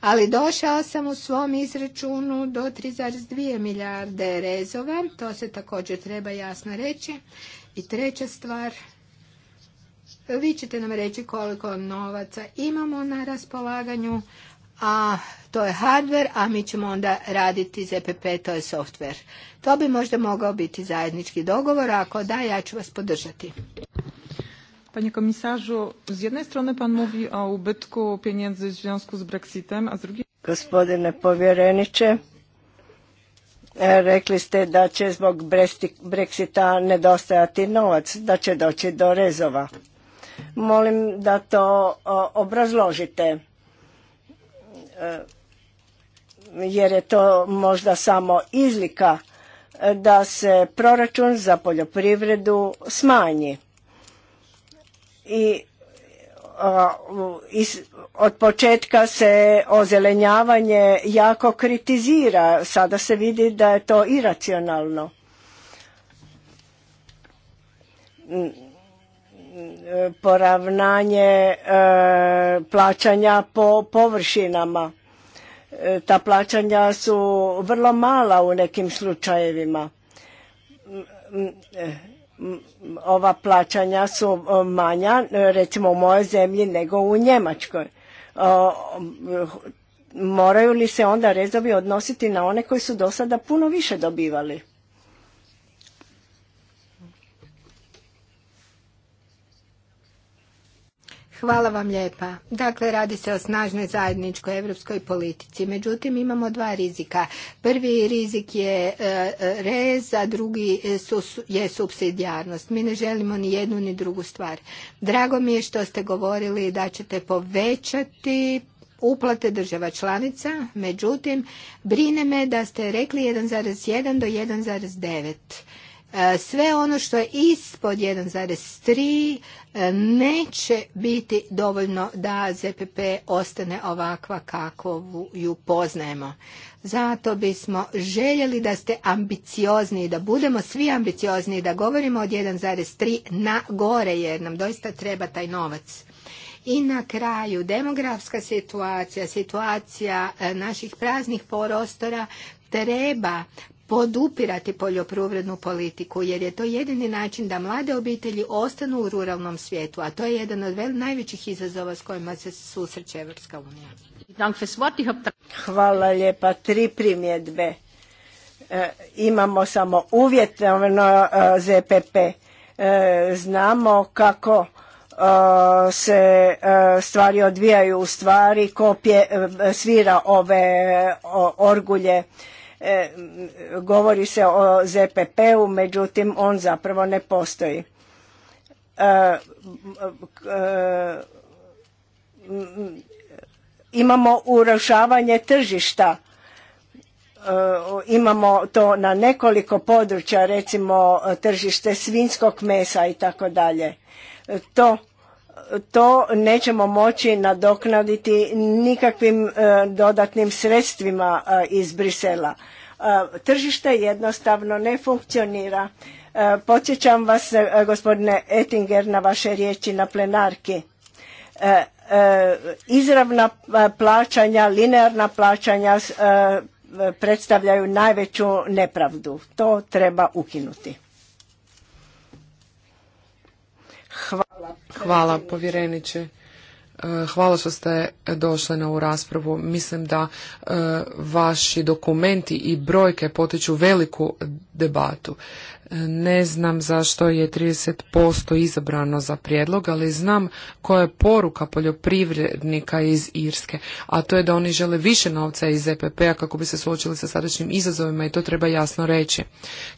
Ali došao sam u svom izračunu do 3,2 milijarde rezova, to se također treba jasno reći. I treća stvar, vi ćete nam reći koliko novaca imamo na raspolaganju, a to je hardware, a mi ćemo onda raditi ZPP, to je software. To bi možda mogao biti zajednički dogovor, ako da, ja ću vas podržati. Panie komisarzu, z jednej strony pan mówi o ubytku pieniędzy w związku z Brexitem, a z drugiej... Gospodine povjereniče, e, rekli ste da će zbog Brexita nedostajati novac, da će doći do rezova. Molim da to obrazložite e, jer je to možda samo izlika e, da se proračun za poljoprivredu smanji. I od početka se ozelenjavanje jako kritizira, sada se vidi da je to iracionalno poravnanje e, plaćanja po površinama. E, ta plaćanja su vrlo mala u nekim slučajevima. Ova plaćanja su manja, e, recimo u mojoj zemlji, nego u Njemačkoj. Moraju li se onda rezovi odnositi na one koji su do sada puno više dobivali? Hvala vam lijepa. Dakle, radi se o snažnoj zajedničkoj europskoj politici. Međutim, imamo dva rizika. Prvi rizik je e, e, rez, a drugi je subsidijarnost. Mi ne želimo ni jednu ni drugu stvar. Drago mi je što ste govorili da ćete povećati uplate država članica, međutim, brine me da ste rekli 1,1 do 1,9 E, sve ono što je ispod 1,3 e, neće biti dovoljno da ZPP ostane ovakva kakvu ju poznajemo. Zato bismo željeli da ste ambiciozni, da budemo svi ambiciozni, da govorimo od 1,3 na gore jer nam doista treba taj novac. I na kraju demografska situacija, situacija e, naših praznih porostora treba podupirati poljoprivrednu politiku jer je to jedini način da mlade obitelji ostanu u ruralnom svijetu, a to je jedan od najvećih izazova s kojima se susreće Evropska unija. Hvala lijepa. Tri primjedbe. E, imamo samo uvjetno e, ZPP. E, znamo kako se stvari odvijaju u stvari, ko svira ove orgulje E, govori se o ZPP-u, međutim on zapravo ne postoji. E, e, imamo urašavanje tržišta, imamo to na nekoliko područja, recimo tržište svinskog mesa i tako dalje. To to nećemo moći nadoknaditi nikakvim e, dodatnim sredstvima e, iz Brisela. E, tržište jednostavno ne funkcionira. Podsjećam vas, gospodine Ettinger, na vaše riječi na plenarki. Izravna plaćanja, linearna plaćanja predstavljaju najveću nepravdu. To treba ukinuti. Hvala, hvala povjereniče. Eh, hvala što ste došli na ovu raspravu. Mislim da eh, vaši dokumenti i brojke potiču veliku debatu. Ne znam zašto je 30% izabrano za prijedlog, ali znam koja je poruka poljoprivrednika iz Irske, a to je da oni žele više novca iz EPP-a kako bi se suočili sa sadašnjim izazovima i to treba jasno reći.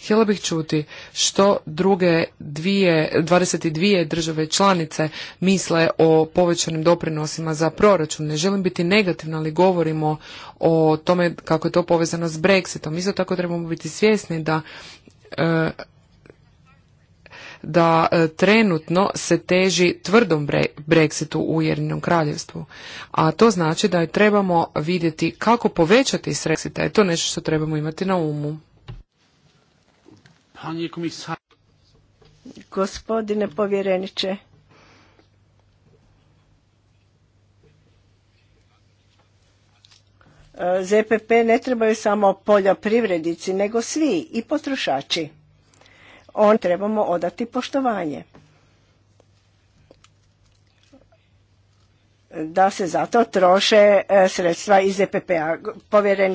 Htjela bih čuti što druge dvije, 22 države članice misle o povećanim doprinosima za proračun. Ne želim biti negativna, ali govorimo o tome kako je to povezano s Brexitom. Isto tako trebamo biti svjesni da E, da e, trenutno se teži tvrdom Brexitu u Ujedinjenom kraljevstvu. A to znači da trebamo vidjeti kako povećati sredstva. Je to nešto što trebamo imati na umu. Gospodine povjereniče, ZPP ne trebaju samo poljoprivrednici, nego svi i potrošači. On trebamo odati poštovanje. Da se zato troše e, sredstva iz ZPP-a.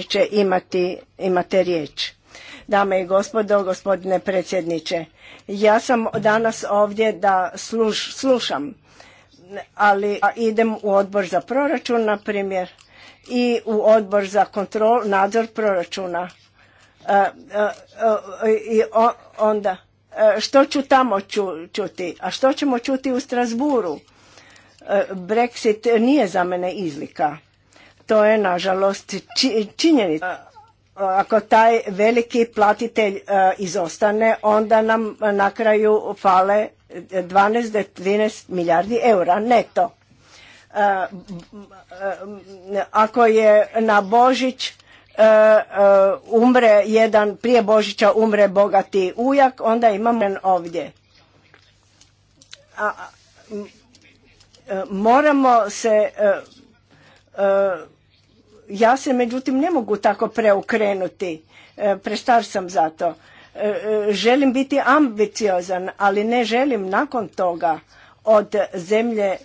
će imati, imate riječ. Dame i gospodo, gospodine predsjedniče, ja sam danas ovdje da slušam, ali idem u odbor za proračun, na primjer, i u odbor za kontrol, nadzor proračuna. E, e, e, I onda, što ću tamo čuti? A što ćemo čuti u Strasburu? Brexit nije za mene izlika. To je, nažalost, činjenica. Ako taj veliki platitelj izostane, onda nam na kraju fale 12-13 milijardi eura neto ako je na Božić e, e, umre jedan, prije Božića umre bogati ujak, onda imamo ovdje. A, e, moramo se, ja se međutim ne mogu tako preukrenuti, prestar sam za to. Želim biti ambiciozan, ali ne želim nakon toga od zemlje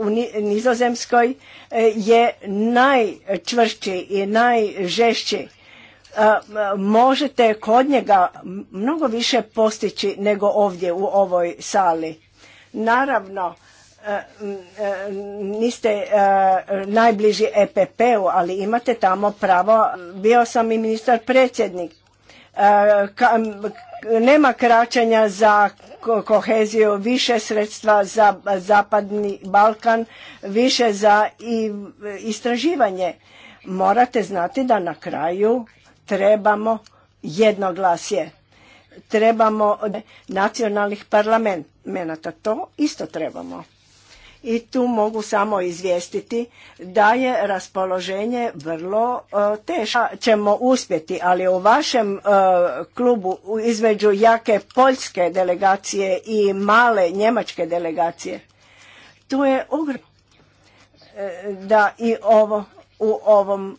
u Nizozemskoj e, je najčvršći i najžešći. E, možete kod njega mnogo više postići nego ovdje u ovoj sali. Naravno, e, niste najbliži EPP-u, ali imate tamo pravo. Bio sam i ministar predsjednik. Nema kraćanja za koheziju, više sredstva za Zapadni Balkan, više za istraživanje. Morate znati da na kraju trebamo jednoglasje. Trebamo nacionalnih parlamenta. To isto trebamo i tu mogu samo izvijestiti da je raspoloženje vrlo e, teško. Ćemo uspjeti, ali u vašem e, klubu između jake poljske delegacije i male njemačke delegacije, tu je ugrano e, da i ovo u ovom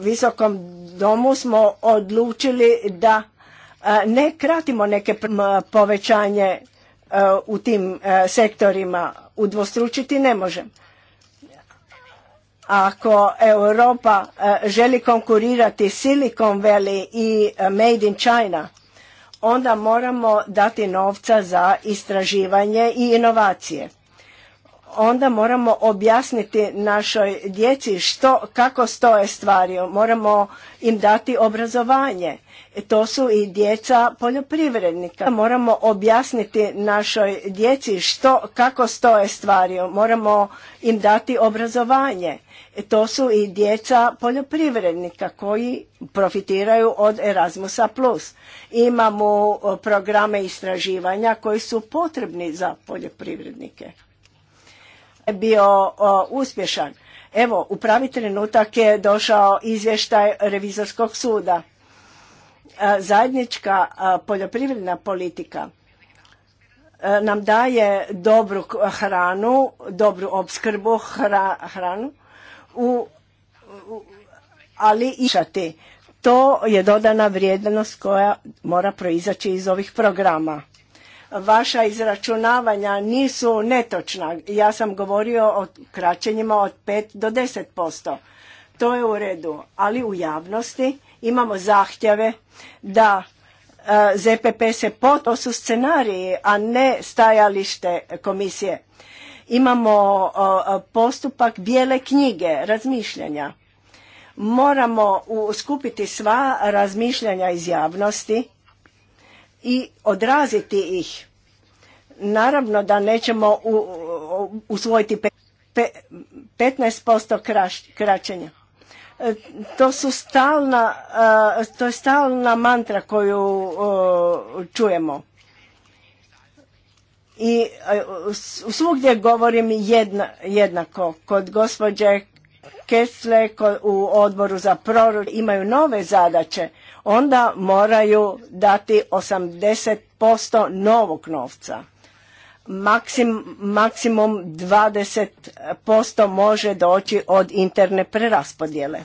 visokom domu smo odlučili da ne kratimo neke povećanje u tim sektorima udvostručiti ne može. Ako Europa e, želi konkurirati Silicon Valley i e, Made in China, onda moramo dati novca za istraživanje i inovacije onda moramo objasniti našoj djeci što, kako stoje stvari. Moramo im dati obrazovanje. To su i djeca poljoprivrednika. Moramo objasniti našoj djeci što, kako stoje stvari. Moramo im dati obrazovanje. To su i djeca poljoprivrednika koji profitiraju od Erasmusa+. Imamo programe istraživanja koji su potrebni za poljoprivrednike bio uspješan. Evo, u pravi trenutak je došao izvještaj revizorskog suda. E, zajednička e, poljoprivredna politika e, nam daje dobru hranu, dobru opskrbu hranu, u, ali išati. To je dodana vrijednost koja mora proizaći iz ovih programa. Vaša izračunavanja nisu netočna. Ja sam govorio o kraćenjima od 5 do 10%. To je u redu, ali u javnosti imamo zahtjeve da e, ZPP se pot, to scenariji, a ne stajalište komisije. Imamo postupak bijele knjige, razmišljanja. Moramo skupiti sva razmišljanja iz javnosti i odraziti ih. Naravno da nećemo usvojiti 15% kraćenja. E, to su stalna, e, to je stalna mantra koju čujemo. I e, svugdje govorim jednako. Kod gospođe Kesle u odboru za proru imaju nove zadaće onda moraju dati 80% novog novca. Maksim, maksimum 20% može doći od interne preraspodjele.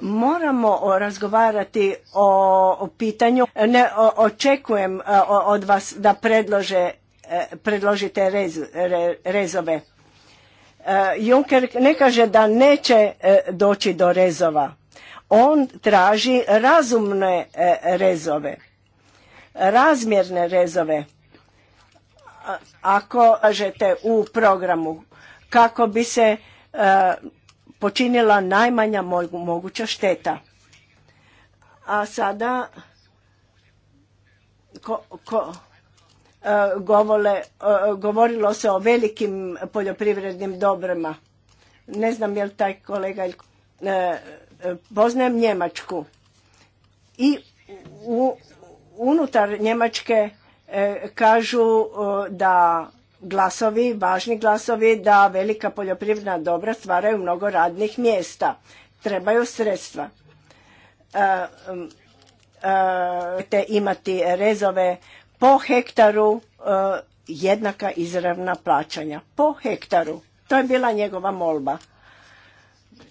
Moramo razgovarati o, pitanju. Ne očekujem e, od vas da predlože, e, predložite rezove. E, Juncker ne kaže da neće doći do rezova on traži razumne e, rezove, razmjerne rezove. Ako žete u programu kako bi se e, počinila najmanja moguća šteta. A sada ko, ko, e, govorilo se o velikim poljoprivrednim dobrima. Ne znam je li taj kolega Poznajem Njemačku i unutar Njemačke e, kažu da glasovi, važni glasovi da velika poljoprivredna dobra stvaraju mnogo radnih mjesta. Trebaju sredstva. E, e, te imati rezove po hektaru jednaka izravna plaćanja. Po hektaru. To je bila njegova molba.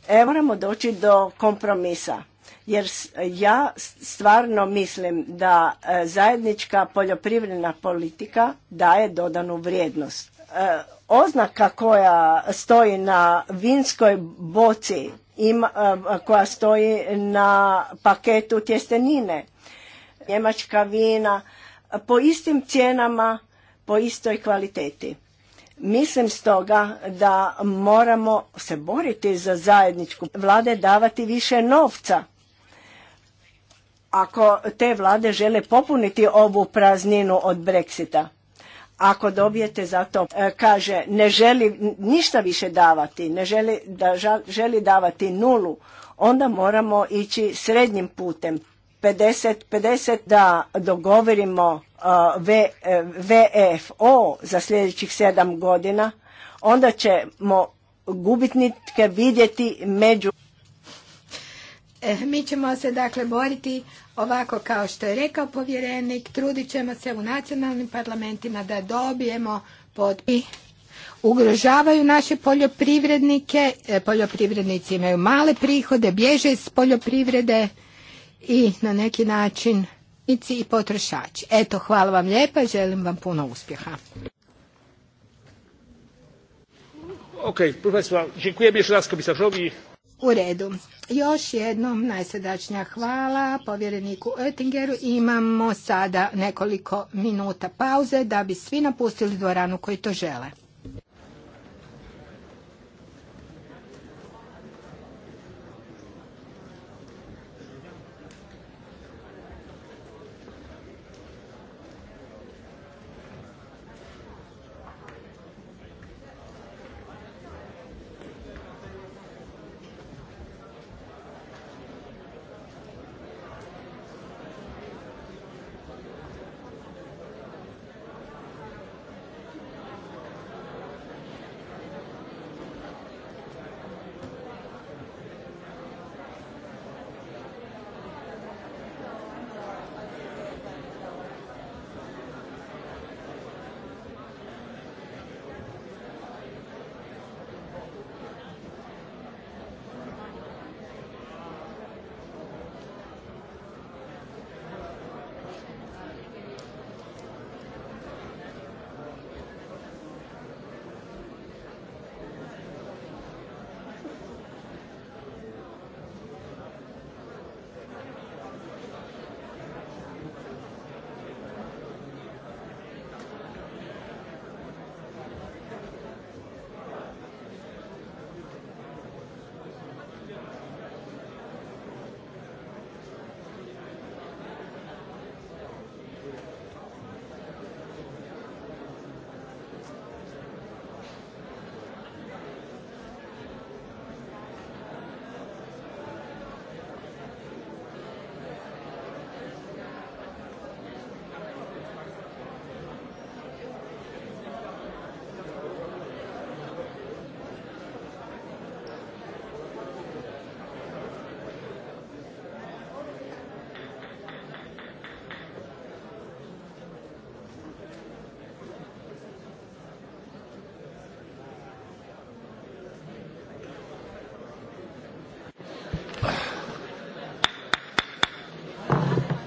E, moramo doći do kompromisa jer ja stvarno mislim da e, zajednička poljoprivredna politika daje dodanu vrijednost. E, oznaka koja stoji na vinskoj boci, e, koja stoji na paketu tjestenine, njemačka vina, po istim cijenama, po istoj kvaliteti. Mislim stoga da moramo se boriti za zajedničku vlade davati više novca. Ako te vlade žele popuniti ovu prazninu od Brexita, ako dobijete za to, e, kaže, ne želi ništa više davati, ne želi, da želi davati nulu, onda moramo ići srednjim putem. 50-50 da dogovorimo VFO e, za sljedećih sedam godina, onda ćemo gubitnike vidjeti među... E, mi ćemo se dakle boriti ovako kao što je rekao povjerenik, trudit ćemo se u nacionalnim parlamentima da dobijemo pod ugrožavaju naše poljoprivrednike, e, poljoprivrednici imaju male prihode, bježe iz poljoprivrede i na neki način i potrošači. Eto, hvala vam lijepa i želim vam puno uspjeha. Ok, profesor, raz U redu. Još jednom najsrdačnija hvala povjereniku Oettingeru. Imamo sada nekoliko minuta pauze da bi svi napustili dvoranu koji to žele.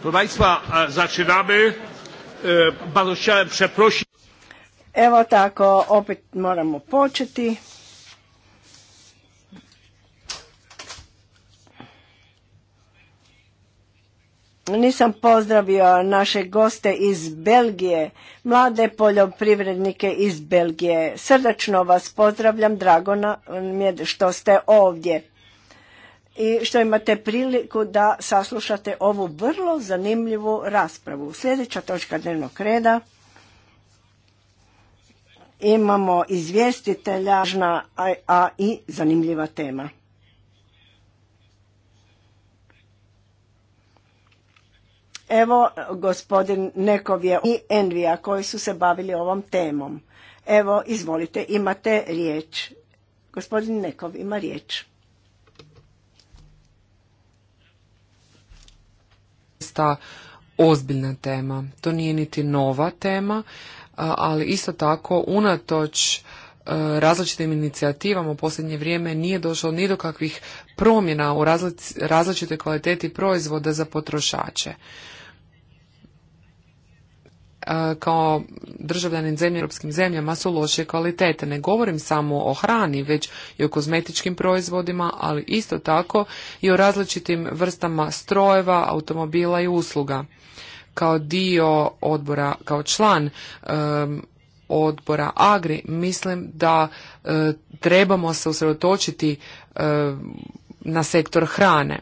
Proszę Państwa, e, zaczynamy. E, bardzo Evo tako, opet moramo početi. Nisam pozdravio naše goste iz Belgije, mlade poljoprivrednike iz Belgije. Srdačno vas pozdravljam, drago nam je što ste ovdje i što imate priliku da saslušate ovu vrlo zanimljivu raspravu. Sljedeća točka dnevnog reda. Imamo izvjestitelja, a, a i zanimljiva tema. Evo gospodin Nekov je i Envija koji su se bavili ovom temom. Evo, izvolite, imate riječ. Gospodin Nekov ima riječ. zaista ozbiljna tema. To nije niti nova tema, ali isto tako unatoč e, različitim inicijativama u posljednje vrijeme nije došlo ni do kakvih promjena u različitoj kvaliteti proizvoda za potrošače. E, kao državljanim zemlje europskim zemljama su lošije kvalitete. Ne govorim samo o hrani, već i o kozmetičkim proizvodima, ali isto tako i o različitim vrstama strojeva, automobila i usluga. Kao dio odbora, kao član e, odbora Agri, mislim da e, trebamo se usredotočiti na sektor hrane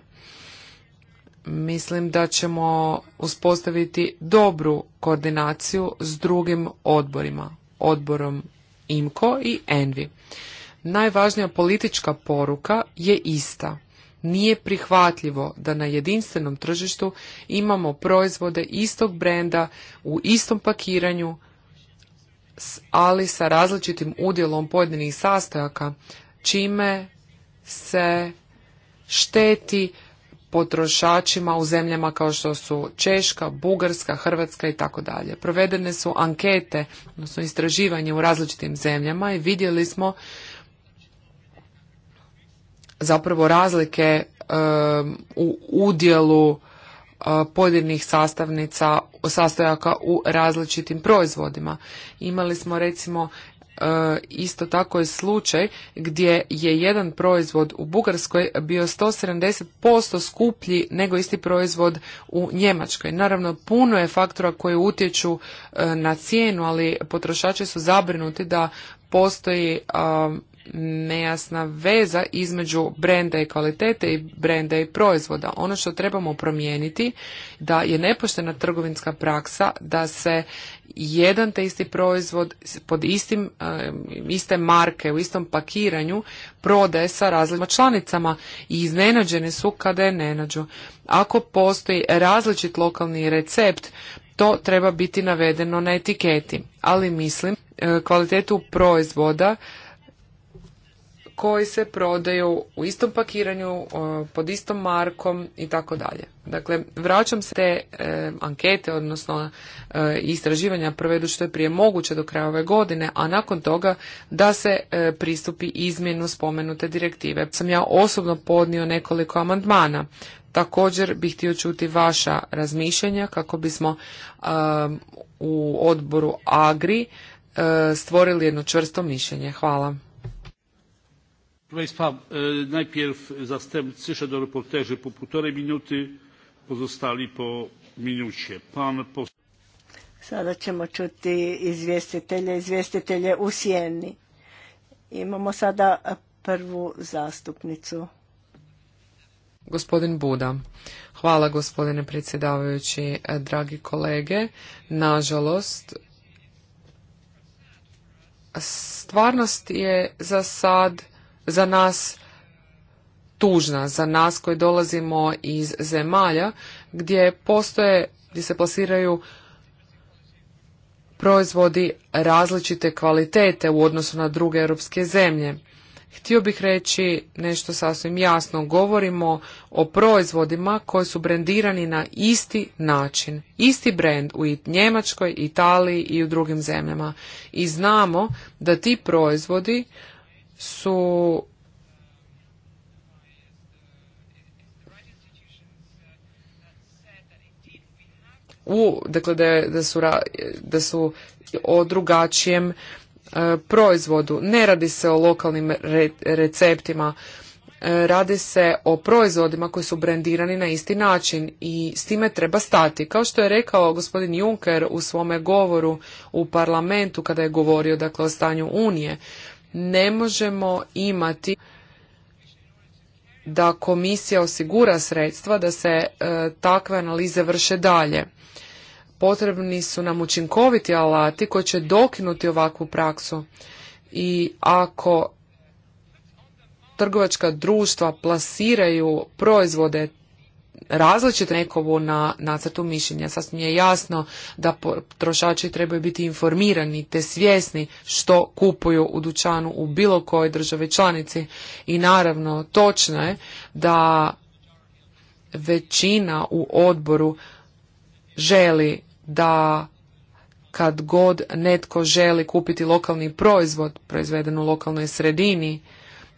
mislim da ćemo uspostaviti dobru koordinaciju s drugim odborima, odborom IMCO i ENVI. Najvažnija politička poruka je ista. Nije prihvatljivo da na jedinstvenom tržištu imamo proizvode istog brenda u istom pakiranju, ali sa različitim udjelom pojedinih sastojaka, čime se šteti potrošačima u zemljama kao što su Češka, Bugarska, Hrvatska i tako dalje. Provedene su ankete, odnosno istraživanje u različitim zemljama i vidjeli smo zapravo razlike u udjelu e, pojedinih sastavnica, sastojaka u različitim proizvodima. Imali smo recimo E, isto tako je slučaj gdje je jedan proizvod u Bugarskoj bio 170% skuplji nego isti proizvod u Njemačkoj. Naravno, puno je faktora koji utječu e, na cijenu, ali potrošači su zabrinuti da postoji nejasna veza između brenda i kvalitete i brenda i proizvoda. Ono što trebamo promijeniti da je nepoštena trgovinska praksa da se jedan te isti proizvod pod istim, iste marke u istom pakiranju prodaje sa različitim članicama i iznenađene su kada je nenađu. Ako postoji različit lokalni recept, to treba biti navedeno na etiketi, ali mislim e, kvalitetu proizvoda koji se prodaju u istom pakiranju, pod istom markom i tako dalje. Dakle, vraćam se te e, ankete, odnosno e, istraživanja provedu što je prije moguće do kraja ove godine, a nakon toga da se e, pristupi izmjenu spomenute direktive. Sam ja osobno podnio nekoliko amandmana. Također bih htio čuti vaša razmišljanja kako bismo e, u odboru AGRI stvorili jedno čvrsto mišljenje. Hvala. Proszę Państwa, e, najpierw zastępcy reporterzy po półtorej minuty, pozostali po minucie. Pan poseł. Sada ćemo čuti izvjestitelje, izvjestitelje u sjeni. Imamo sada prvu zastupnicu. Gospodin Buda. Hvala gospodine predsjedavajući, e, dragi kolege. Nažalost, stvarnost je za sad za nas tužna, za nas koji dolazimo iz zemalja gdje postoje, gdje se plasiraju proizvodi različite kvalitete u odnosu na druge europske zemlje. Htio bih reći nešto sasvim jasno. Govorimo o proizvodima koji su brendirani na isti način. Isti brend u Njemačkoj, Italiji i u drugim zemljama. I znamo da ti proizvodi su u, dakle da, da, su, da su o drugačijem e, proizvodu. Ne radi se o lokalnim receptima, e, radi se o proizvodima koji su brendirani na isti način i s time treba stati. Kao što je rekao gospodin Juncker u svome govoru u parlamentu kada je govorio dakle o stanju Unije, ne možemo imati da komisija osigura sredstva da se e, takve analize vrše dalje. Potrebni su nam učinkoviti alati koji će dokinuti ovakvu praksu i ako trgovačka društva plasiraju proizvode Različit nekovo na nacrtu mišljenja. Sasvim je jasno da potrošači trebaju biti informirani te svjesni što kupuju u dućanu u bilo kojoj državi članici. I naravno, točno je da većina u odboru želi da kad god netko želi kupiti lokalni proizvod proizveden u lokalnoj sredini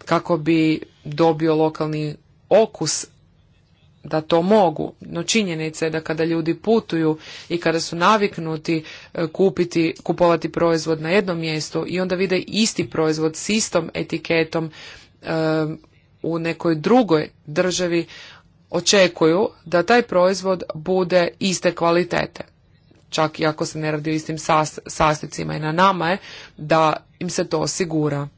kako bi dobio lokalni okus da to mogu. No činjenica je da kada ljudi putuju i kada su naviknuti e, kupiti, kupovati proizvod na jednom mjestu i onda vide isti proizvod s istom etiketom e, u nekoj drugoj državi, očekuju da taj proizvod bude iste kvalitete. Čak i ako se ne radi o istim sastojcima i na nama je da im se to osigura.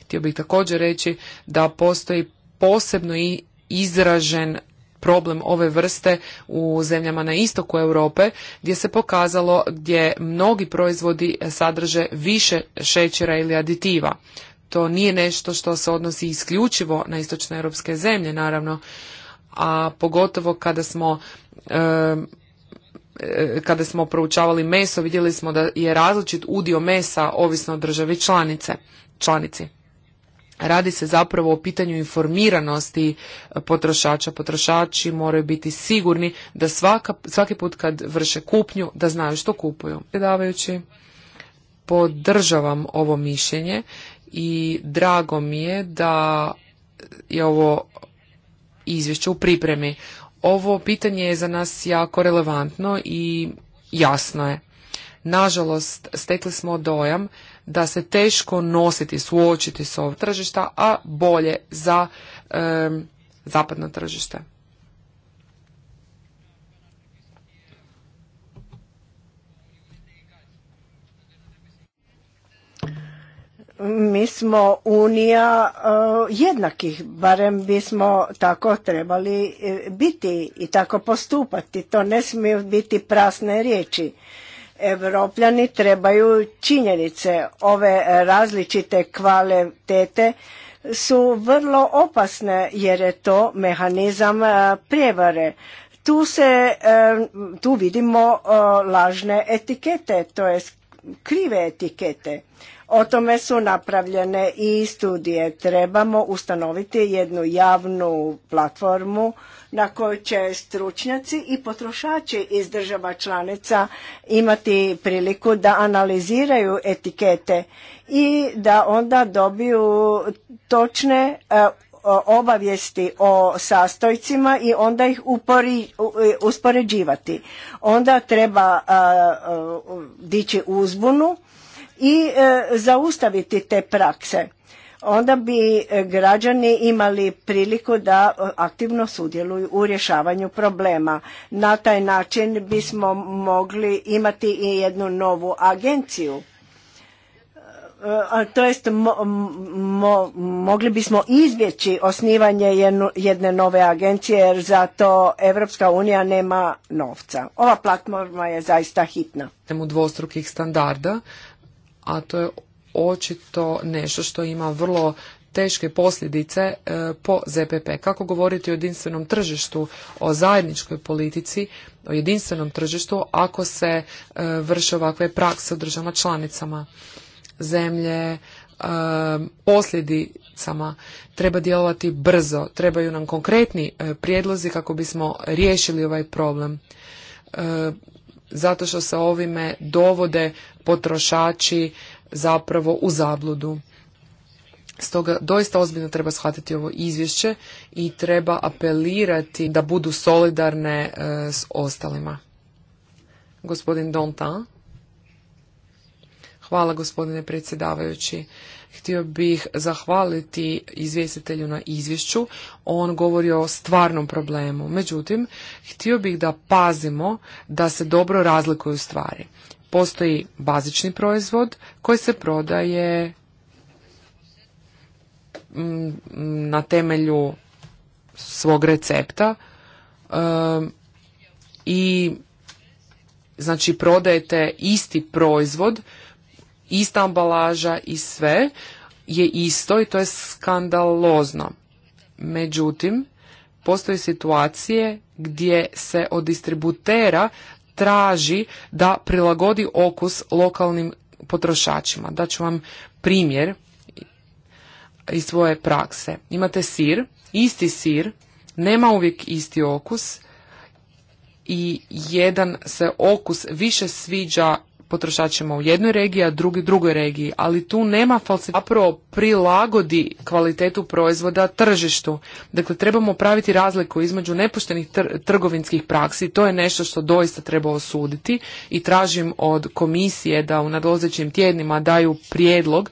Htio bih također reći da postoji posebno i izražen problem ove vrste u zemljama na istoku Europe gdje se pokazalo gdje mnogi proizvodi sadrže više šećera ili aditiva. To nije nešto što se odnosi isključivo na istočne europske zemlje naravno, a pogotovo kada smo e, kada smo proučavali meso, vidjeli smo da je različit udio mesa ovisno o državi članice, članici. Radi se zapravo o pitanju informiranosti e, potrošača. Potrošači moraju biti sigurni da svaka, svaki put kad vrše kupnju da znaju što kupuju. Predavajući, podržavam ovo mišljenje i drago mi je da je ovo izvješće u pripremi. Ovo pitanje je za nas jako relevantno i jasno je. Nažalost, stekli smo dojam da se teško nositi, suočiti s ovog tržišta, a bolje za zapadno tržište. Mi smo unija e, jednakih, barem bismo tako trebali e, biti i tako postupati. To ne smije biti prasne riječi. Evropljani trebaju činjenice. Ove različite kvalitete su vrlo opasne jer je to mehanizam e, prijevare. Tu se, e, tu vidimo e, lažne etikete, to je krive etikete. O tome su napravljene i studije. Trebamo ustanoviti jednu javnu platformu na kojoj će stručnjaci i potrošači iz država članica imati priliku da analiziraju etikete i da onda dobiju točne e, obavijesti o sastojcima i onda ih upori, e, uspoređivati. Onda treba e, dići uzbunu i zaustaviti te prakse onda bi e, građani imali priliku da e, aktivno sudjeluju u rješavanju problema. Na taj način bismo mogli imati i jednu novu agenciju. E, to jest, mogli bismo izbjeći osnivanje jedne nove agencije jer za Evropska unija nema novca. Ova platforma je zaista hitna. temu ...dvostrukih standarda, a to je očito nešto što ima vrlo teške posljedice e, po ZPP. Kako govoriti o jedinstvenom tržištu, o zajedničkoj politici, o jedinstvenom tržištu ako se e, vrše ovakve prakse u državama članicama, zemlje, e, posljedicama treba djelovati brzo, trebaju nam konkretni prijedlozi kako bismo riješili ovaj problem. Zato što se ovime dovode potrošači zapravo u zabludu. Stoga doista ozbiljno treba shvatiti ovo izvješće i treba apelirati da budu solidarne e, s ostalima. Gospodin Dontan. Hvala gospodine predsjedavajući. Htio bih zahvaliti izvjestitelju na izvješću. On govori o stvarnom problemu. Međutim, htio bih da pazimo da se dobro razlikuju stvari. Postoji bazični proizvod koji se prodaje mm, na temelju svog recepta um, i znači prodajete isti proizvod, ista ambalaža i sve je isto i to je skandalozno. Međutim, postoje situacije gdje se od distributera traži da prilagodi okus lokalnim potrošačima. ću vam primjer iz svoje prakse. Imate sir, isti sir, nema uvijek isti okus i jedan se okus više sviđa potrošačima u jednoj regiji, a drugi drugoj regiji. Ali tu nema falsifikacije. Zapravo prilagodi kvalitetu proizvoda tržištu. Dakle, trebamo praviti razliku između nepoštenih trgovinskih praksi. To je nešto što doista treba osuditi i tražim od komisije da u nadolazećim tjednima daju prijedlog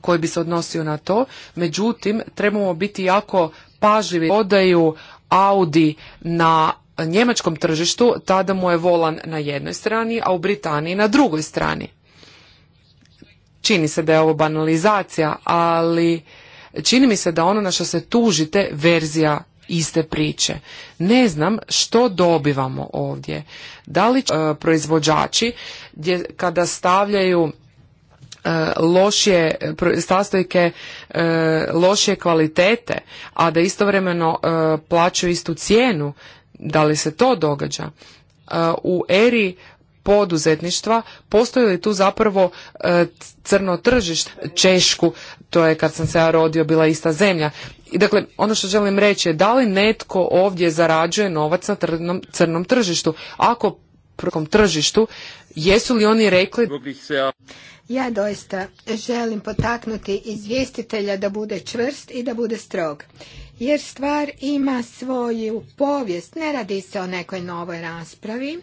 koji bi se odnosio na to. Međutim, trebamo biti jako pažljivi. Odaju Audi na njemačkom tržištu, tada mu je volan na jednoj strani, a u Britaniji na drugoj strani. Čini se da je ovo banalizacija, ali čini mi se da ono na što se tužite verzija iste priče. Ne znam što dobivamo ovdje. Da li e, proizvođači gdje kada stavljaju e, lošije sastojke e, lošije kvalitete, a da istovremeno plaćaju istu cijenu da li se to događa? E, u eri poduzetništva, postoji li tu zapravo e, crno tržište Češku, to je kad sam se ja rodio bila ista zemlja. I dakle, ono što želim reći je da li netko ovdje zarađuje novac na crnom, crnom tržištu? Ako prvom tržištu, jesu li oni rekli... Ja doista želim potaknuti izvjestitelja da bude čvrst i da bude strog jer stvar ima svoju povijest. Ne radi se o nekoj novoj raspravi.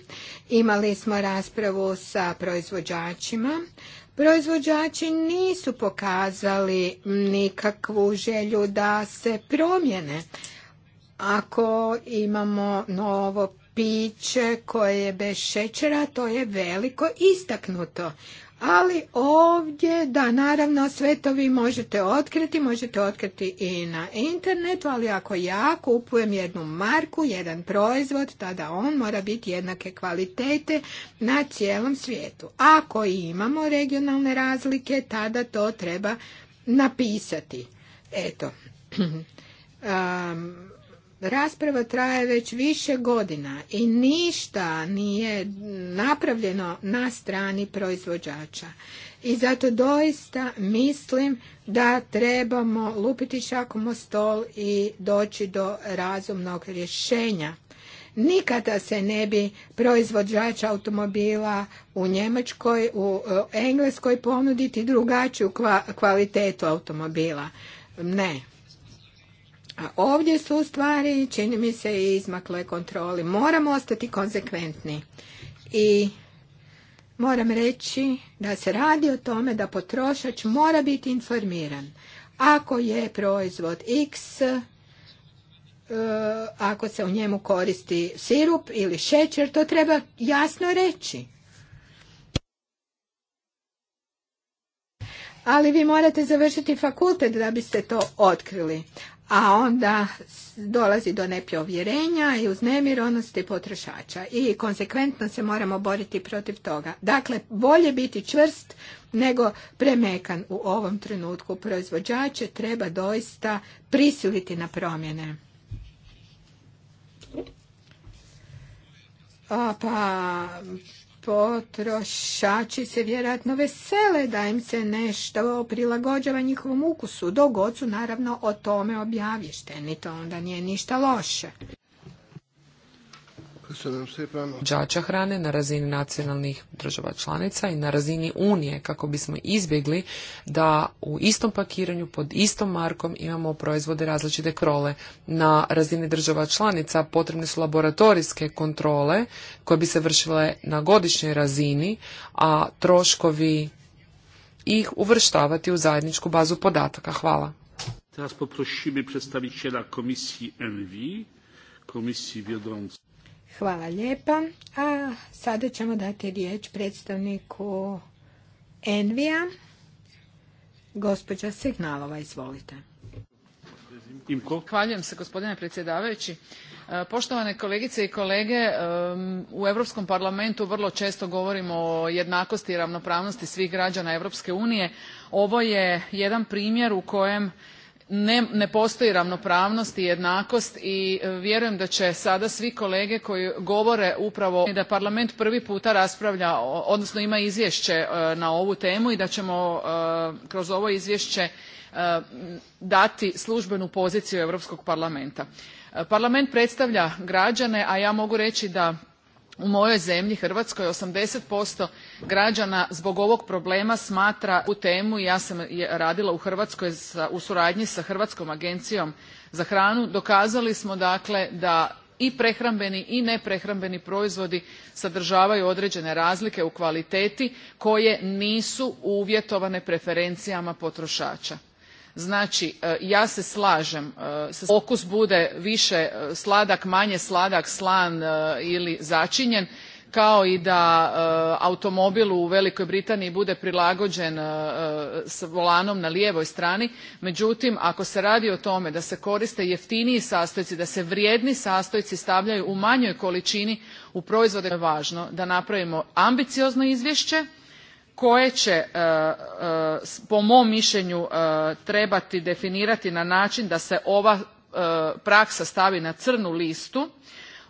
Imali smo raspravu sa proizvođačima. Proizvođači nisu pokazali nikakvu želju da se promjene. Ako imamo novo piće koje je bez šećera, to je veliko istaknuto ali ovdje da naravno sve to vi možete otkriti, možete otkriti i na internetu, ali ako ja kupujem jednu marku, jedan proizvod, tada on mora biti jednake kvalitete na cijelom svijetu. Ako imamo regionalne razlike, tada to treba napisati. Eto. Um, rasprava traje već više godina i ništa nije napravljeno na strani proizvođača. I zato doista mislim da trebamo lupiti šakom o stol i doći do razumnog rješenja. Nikada se ne bi proizvođač automobila u Njemačkoj, u e, Engleskoj ponuditi drugačiju kvalitetu automobila. Ne, a ovdje su stvari, čini mi se, izmakle kontroli. Moramo ostati konsekventni. I moram reći da se radi o tome da potrošač mora biti informiran. Ako je proizvod X, eh, ako se u njemu koristi sirup ili šećer, to treba jasno reći. Ali vi morate završiti fakultet da biste to otkrili a onda dolazi do nepovjerenja i uznemironosti potrošača i konsekventno se moramo boriti protiv toga. Dakle, bolje biti čvrst nego premekan u ovom trenutku. Proizvođače treba doista prisiliti na promjene. pa potrošači se vjerojatno vesele da im se nešto prilagođava njihovom ukusu, dogod su naravno o tome objavješteni, to onda nije ništa loše proizvođača hrane na razini nacionalnih država članica i na razini Unije kako bismo izbjegli da u istom pakiranju pod istom markom imamo proizvode različite krole. Na razini država članica potrebne su laboratorijske kontrole koje bi se vršile na godišnjoj razini, a troškovi ih uvrštavati u zajedničku bazu podataka. Hvala. Teraz poprosimy przedstawiciela komisji Envi, komisji wiodącej. Hvala lijepa. A sada ćemo dati riječ predstavniku Envija. Gospođa Signalova, izvolite. Zahvaljujem se gospodine predsjedavajući. E, poštovane kolegice i kolege, e, u Europskom parlamentu vrlo često govorimo o jednakosti i ravnopravnosti svih građana Europske unije. Ovo je jedan primjer u kojem ne, postoji ravnopravnost i jednakost i e, vjerujem da će sada svi kolege koji govore upravo da parlament prvi puta raspravlja odnosno ima izvješće e, na ovu temu i da ćemo e, kroz ovo izvješće dati službenu poziciju europskog parlamenta parlament predstavlja građane a ja mogu reći da u mojoj zemlji hrvatskoj eighty građana zbog ovog problema smatra u temu i ja sam radila u Hrvatskoj u suradnji sa Hrvatskom agencijom za hranu. Dokazali smo dakle da i prehrambeni i neprehrambeni proizvodi sadržavaju određene razlike u kvaliteti koje nisu uvjetovane preferencijama potrošača. Znači, e, ja se slažem, e, okus bude više e, sladak, manje sladak, slan ili začinjen, kao i da e, automobil u Velikoj Britaniji bude prilagođen e, s volanom na lijevoj strani, međutim ako se radi o tome da se koriste jeftiniji sastojci, da se vrijedni sastojci stavljaju u manjoj količini u proizvode je važno da napravimo ambiciozno izvješće koje će e, po mom mišljenju trebati definirati na način da se ova praksa stavi na crnu listu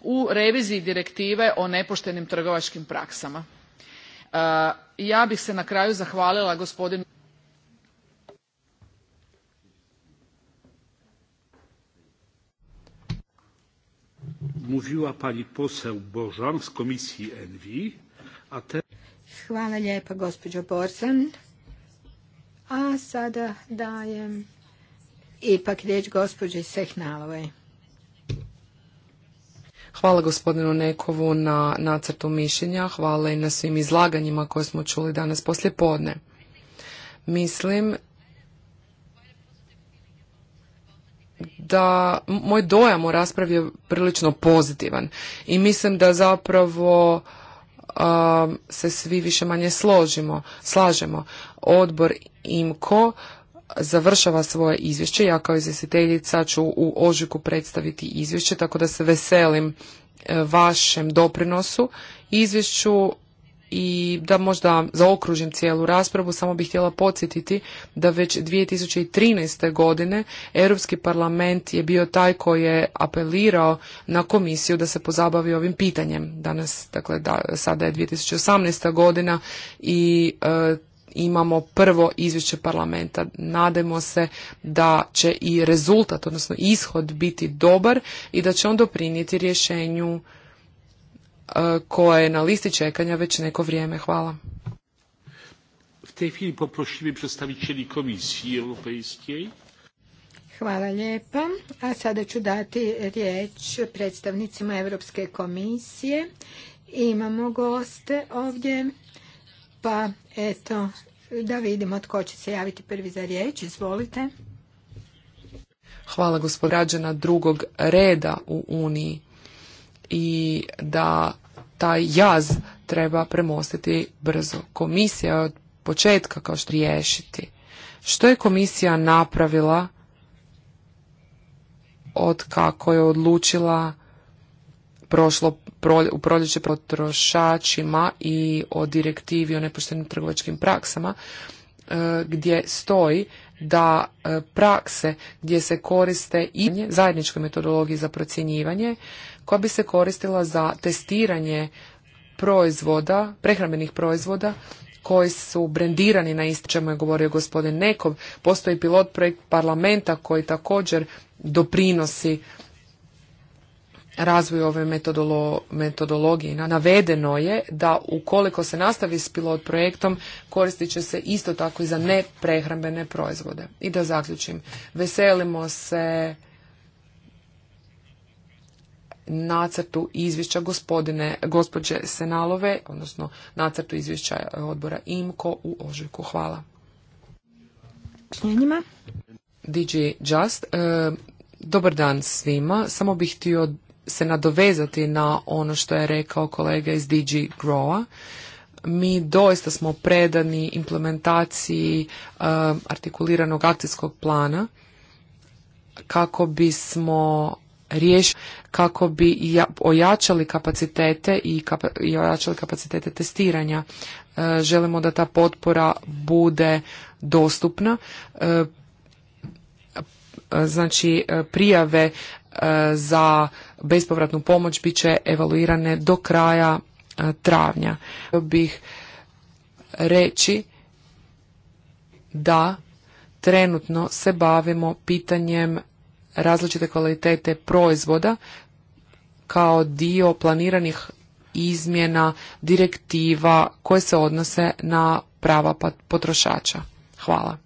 u reviziji direktive o nepoštenim trgovačkim praksama. E, ja bih se na kraju zahvalila gospodinu Mówiła poseł z komisji a te... Hvala lijepa gospođo Borzan. A sada dajem ipak riječ gospođi Sehnalovoj. Hvala gospodinu Nekovu na nacrtu mišljenja, hvala i na svim izlaganjima koje smo čuli danas poslje podne. Mislim da moj dojam u raspravi je prilično pozitivan i mislim da zapravo se svi više manje složimo, slažemo. Odbor IMKO završava svoje izvješće. Ja kao izvjestiteljica ću u ožujku predstaviti izvješće, tako da se veselim e, vašem doprinosu izvješću i da možda zaokružim cijelu raspravu, samo bih htjela podsjetiti da već 2013. godine Europski parlament je bio taj koji je apelirao na komisiju da se pozabavi ovim pitanjem. Danas, dakle, sada je 2018. godina i e, imamo prvo izvješće parlamenta. Nadajmo se da će i rezultat, odnosno ishod biti dobar i da će on doprinijeti rješenju e, koje je na listi čekanja već neko vrijeme. Hvala. U tej chwili poprosimy predstavitelji Komisije Europejskej. Hvala lijepa. A sada ću dati riječ predstavnicima Europske komisije. Imamo goste ovdje pa eto, da vidimo tko će se javiti prvi za riječ. Izvolite. Hvala gospodrađena drugog reda u Uniji i da taj jaz treba premostiti brzo. Komisija je od početka kao što riješiti. Što je komisija napravila od kako je odlučila prošlo u proljeće potrošačima i o direktivi o nepoštenim trgovačkim praksama e, gdje stoji da e, prakse gdje se koriste i zajedničkoj metodologiji za procjenjivanje koja bi se koristila za testiranje proizvoda, prehrambenih proizvoda koji su brendirani na isti čemu je govorio gospodin Nekov. Postoji pilot projekt parlamenta koji također doprinosi razvoju ove metodolo, metodologije. Navedeno je da ukoliko se nastavi s pilot projektom koristit će se isto tako i za neprehrambene proizvode. I da zaključim, veselimo se nacrtu izvješća gospodine, gospođe Senalove, odnosno nacrtu izvješća odbora IMKO u Ožujku. Hvala. DG Just, e, dobar dan svima. Samo bih htio se nadovezati na ono što je rekao kolega iz DG Growa. Mi doista smo predani implementaciji e, artikuliranog akcijskog plana kako bismo riješili, kako bi ojačali kapacitete i, ojačali kapacitete testiranja. E, želimo da ta potpora bude dostupna. E, znači prijave za bespovratnu pomoć bit će evaluirane do kraja e, travnja. Bih reći da trenutno se bavimo pitanjem različite kvalitete proizvoda kao dio planiranih izmjena direktiva koje se odnose na prava potrošača. Hvala.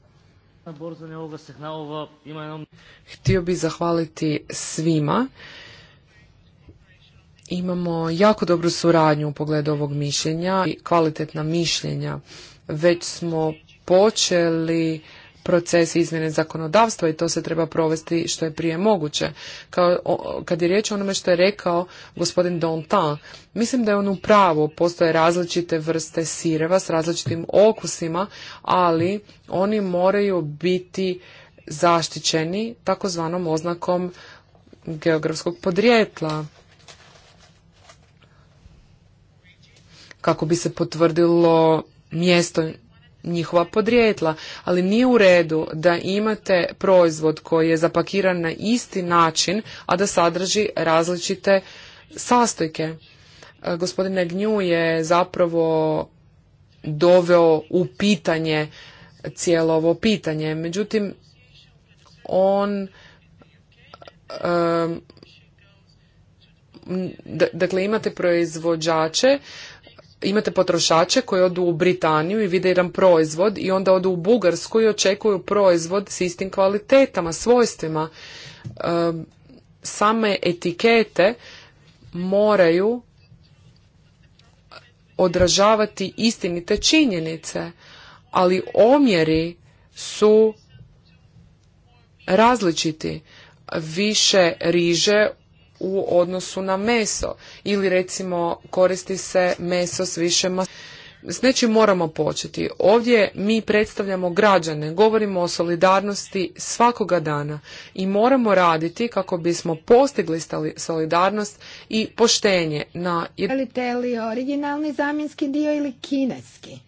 Htio bih zahvaliti svima imamo jako dobru suradnju u pogledu ovog mišljenja i kvalitetna mišljenja. Već smo počeli proces izmjene zakonodavstva i to se treba provesti što je prije moguće. Kao, kad je riječ o onome što je rekao gospodin Dontan, mislim da je on u pravu, postoje različite vrste sireva s različitim okusima, ali oni moraju biti zaštićeni takozvanom oznakom geografskog podrijetla kako bi se potvrdilo mjesto njihova podrijetla, ali nije u redu da imate proizvod koji je zapakiran na isti način, a da sadrži različite sastojke. E, Gospodine Gnju je zapravo doveo u pitanje cijelo ovo pitanje. Međutim, on e, dakle imate proizvođače imate potrošače koji odu u Britaniju i vide jedan proizvod i onda odu u Bugarsku i očekuju proizvod s istim kvalitetama, svojstvima. Ehm, same etikete moraju odražavati istinite činjenice, ali omjeri su različiti. Više riže u odnosu na meso ili recimo koristi se meso s više S nečim moramo početi. Ovdje mi predstavljamo građane, govorimo o solidarnosti svakoga dana i moramo raditi kako bismo postigli solidarnost i poštenje na... Želite li originalni zamjenski dio ili kineski?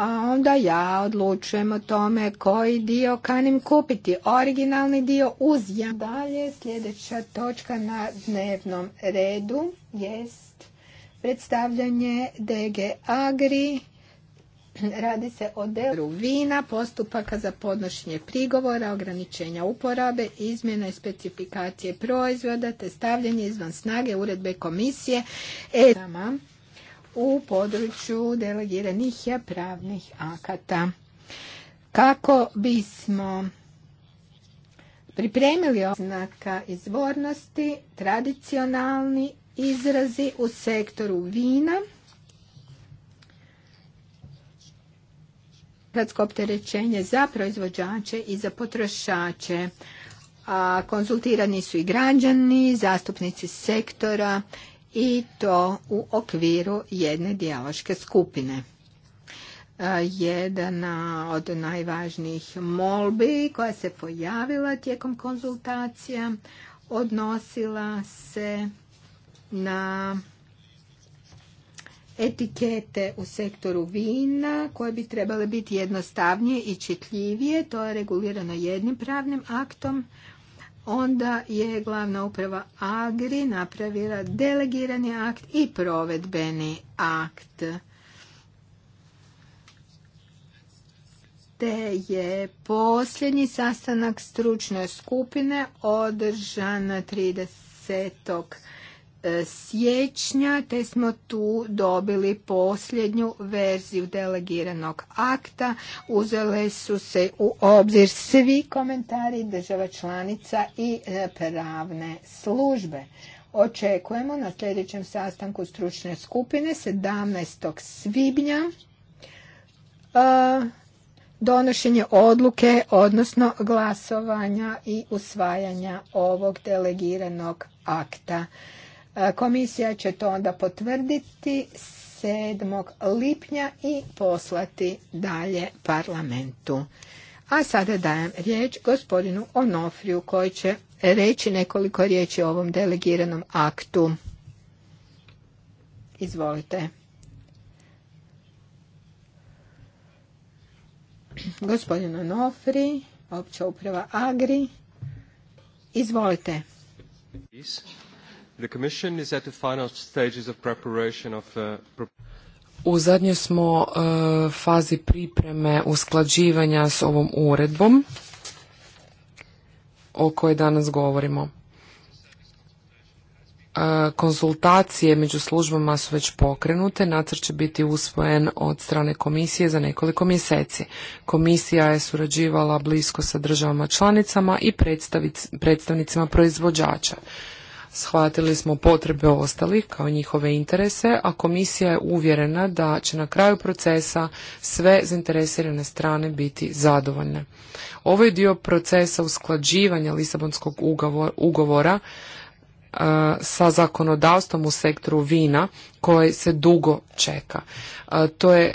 a onda ja odlučujem o tome koji dio kanim kupiti. Originalni dio uz ja. Dalje sljedeća točka na dnevnom redu jest predstavljanje DG Agri. Radi se o delu vina, postupaka za podnošenje prigovora, ograničenja uporabe, izmjena i specifikacije proizvoda te stavljanje izvan snage uredbe komisije. E, u području delegiranih pravnih akata. Kako bismo pripremili oznaka izvornosti, tradicionalni izrazi u sektoru vina, Hrvatsko opterećenje za proizvođače i za potrošače. A konzultirani su i građani, zastupnici sektora i to u okviru jedne dijaloške skupine. E, Jedna od najvažnijih molbi koja se pojavila tijekom konzultacija odnosila se na etikete u sektoru vina koje bi trebale biti jednostavnije i čitljivije. To je regulirano jednim pravnim aktom, onda je glavna uprava Agri napravila delegirani akt i provedbeni akt. te je posljednji sastanak stručne skupine održan 30. E, siječnja te smo tu dobili posljednju verziju delegiranog akta. Uzele su se u obzir svi komentari država članica i e, pravne službe. Očekujemo na sljedećem sastanku stručne skupine 17. svibnja e, donošenje odluke, odnosno glasovanja i usvajanja ovog delegiranog akta. E, komisija će to onda potvrditi 7. lipnja i poslati dalje parlamentu. A sada dajem riječ gospodinu Onofriju koji će reći nekoliko riječi o ovom delegiranom aktu. Izvolite. Gospodin Onofri, opća uprava Agri. Izvolite. The Commission U zadnjoj smo uh, fazi pripreme usklađivanja s ovom uredbom o kojoj danas govorimo. Uh, konzultacije konsultacije među službama su već pokrenute, nacrt će biti usvojen od strane komisije za nekoliko mjeseci. Komisija je surađivala blisko sa državama članicama i predstavnicima proizvođača shvatili smo potrebe ostalih kao njihove interese, a komisija je uvjerena da će na kraju procesa sve zainteresirane strane biti zadovoljne. Ovo je dio procesa usklađivanja Lisabonskog ugovora e, sa zakonodavstvom u sektoru vina koje se dugo čeka. E, to je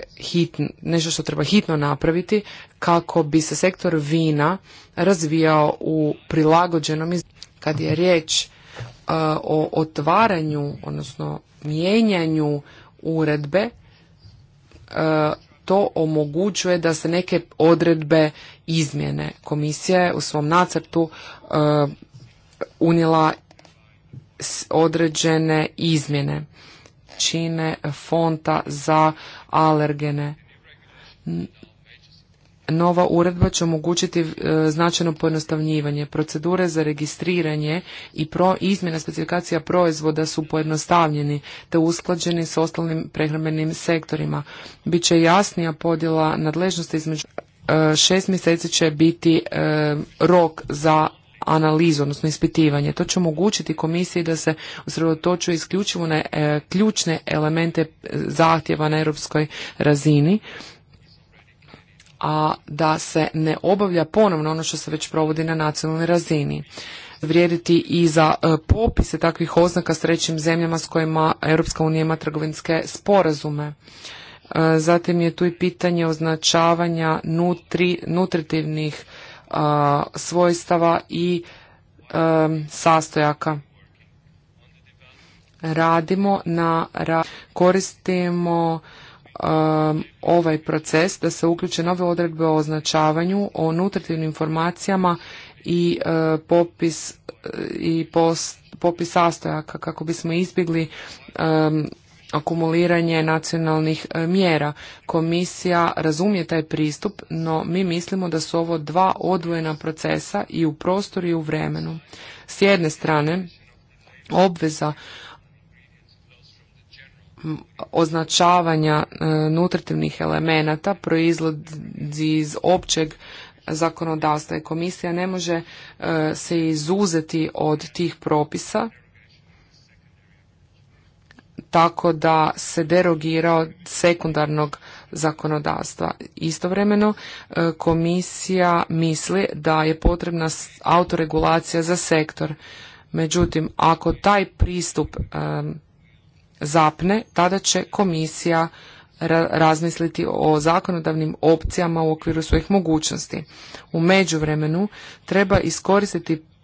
nešto što treba hitno napraviti kako bi se sektor vina razvijao u prilagođenom kad je riječ o otvaranju, odnosno mijenjanju uredbe, to omogućuje da se neke odredbe izmjene. Komisija je u svom nacrtu unijela određene izmjene čine fonta za alergene. Nova uredba će omogućiti e, značajno pojednostavnjivanje. Procedure za registriranje i izmjena specifikacija proizvoda su pojednostavljeni te usklađeni s ostalim prehrambenim sektorima. Biće jasnija podjela nadležnosti između e, šest mjeseci će biti e, rok za analizu, odnosno ispitivanje. To će omogućiti komisiji da se usredotočuje isključivo na ključne elemente zahtjeva na europskoj razini a da se ne obavlja ponovno ono što se već provodi na nacionalnoj razini vrijediti i za e, popise takvih oznaka s trećim zemljama s kojima Europska unija ima trgovinske sporazume. E, zatim je tu i pitanje označavanja nutritivnih e, svojstava i sastojaka. Radimo na, ra, koristimo um, ovaj proces da se uključe nove odredbe o označavanju, o nutritivnim informacijama i uh, popis uh, i popis sastojaka kako bismo izbjegli um, akumuliranje nacionalnih uh, mjera. Komisija razumije taj pristup, no mi mislimo da su ovo dva odvojena procesa i u prostoru i u vremenu. S jedne strane, obveza označavanja e, nutritivnih elemenata proizlazi iz općeg zakonodavstva i komisija ne može e, se izuzeti od tih propisa tako da se derogira od sekundarnog zakonodavstva. Istovremeno e, komisija misli da je potrebna autoregulacija za sektor. Međutim, ako taj pristup zapne, tada će komisija razmisliti o zakonodavnim opcijama u okviru svojih mogućnosti. U međuvremenu treba iskoristiti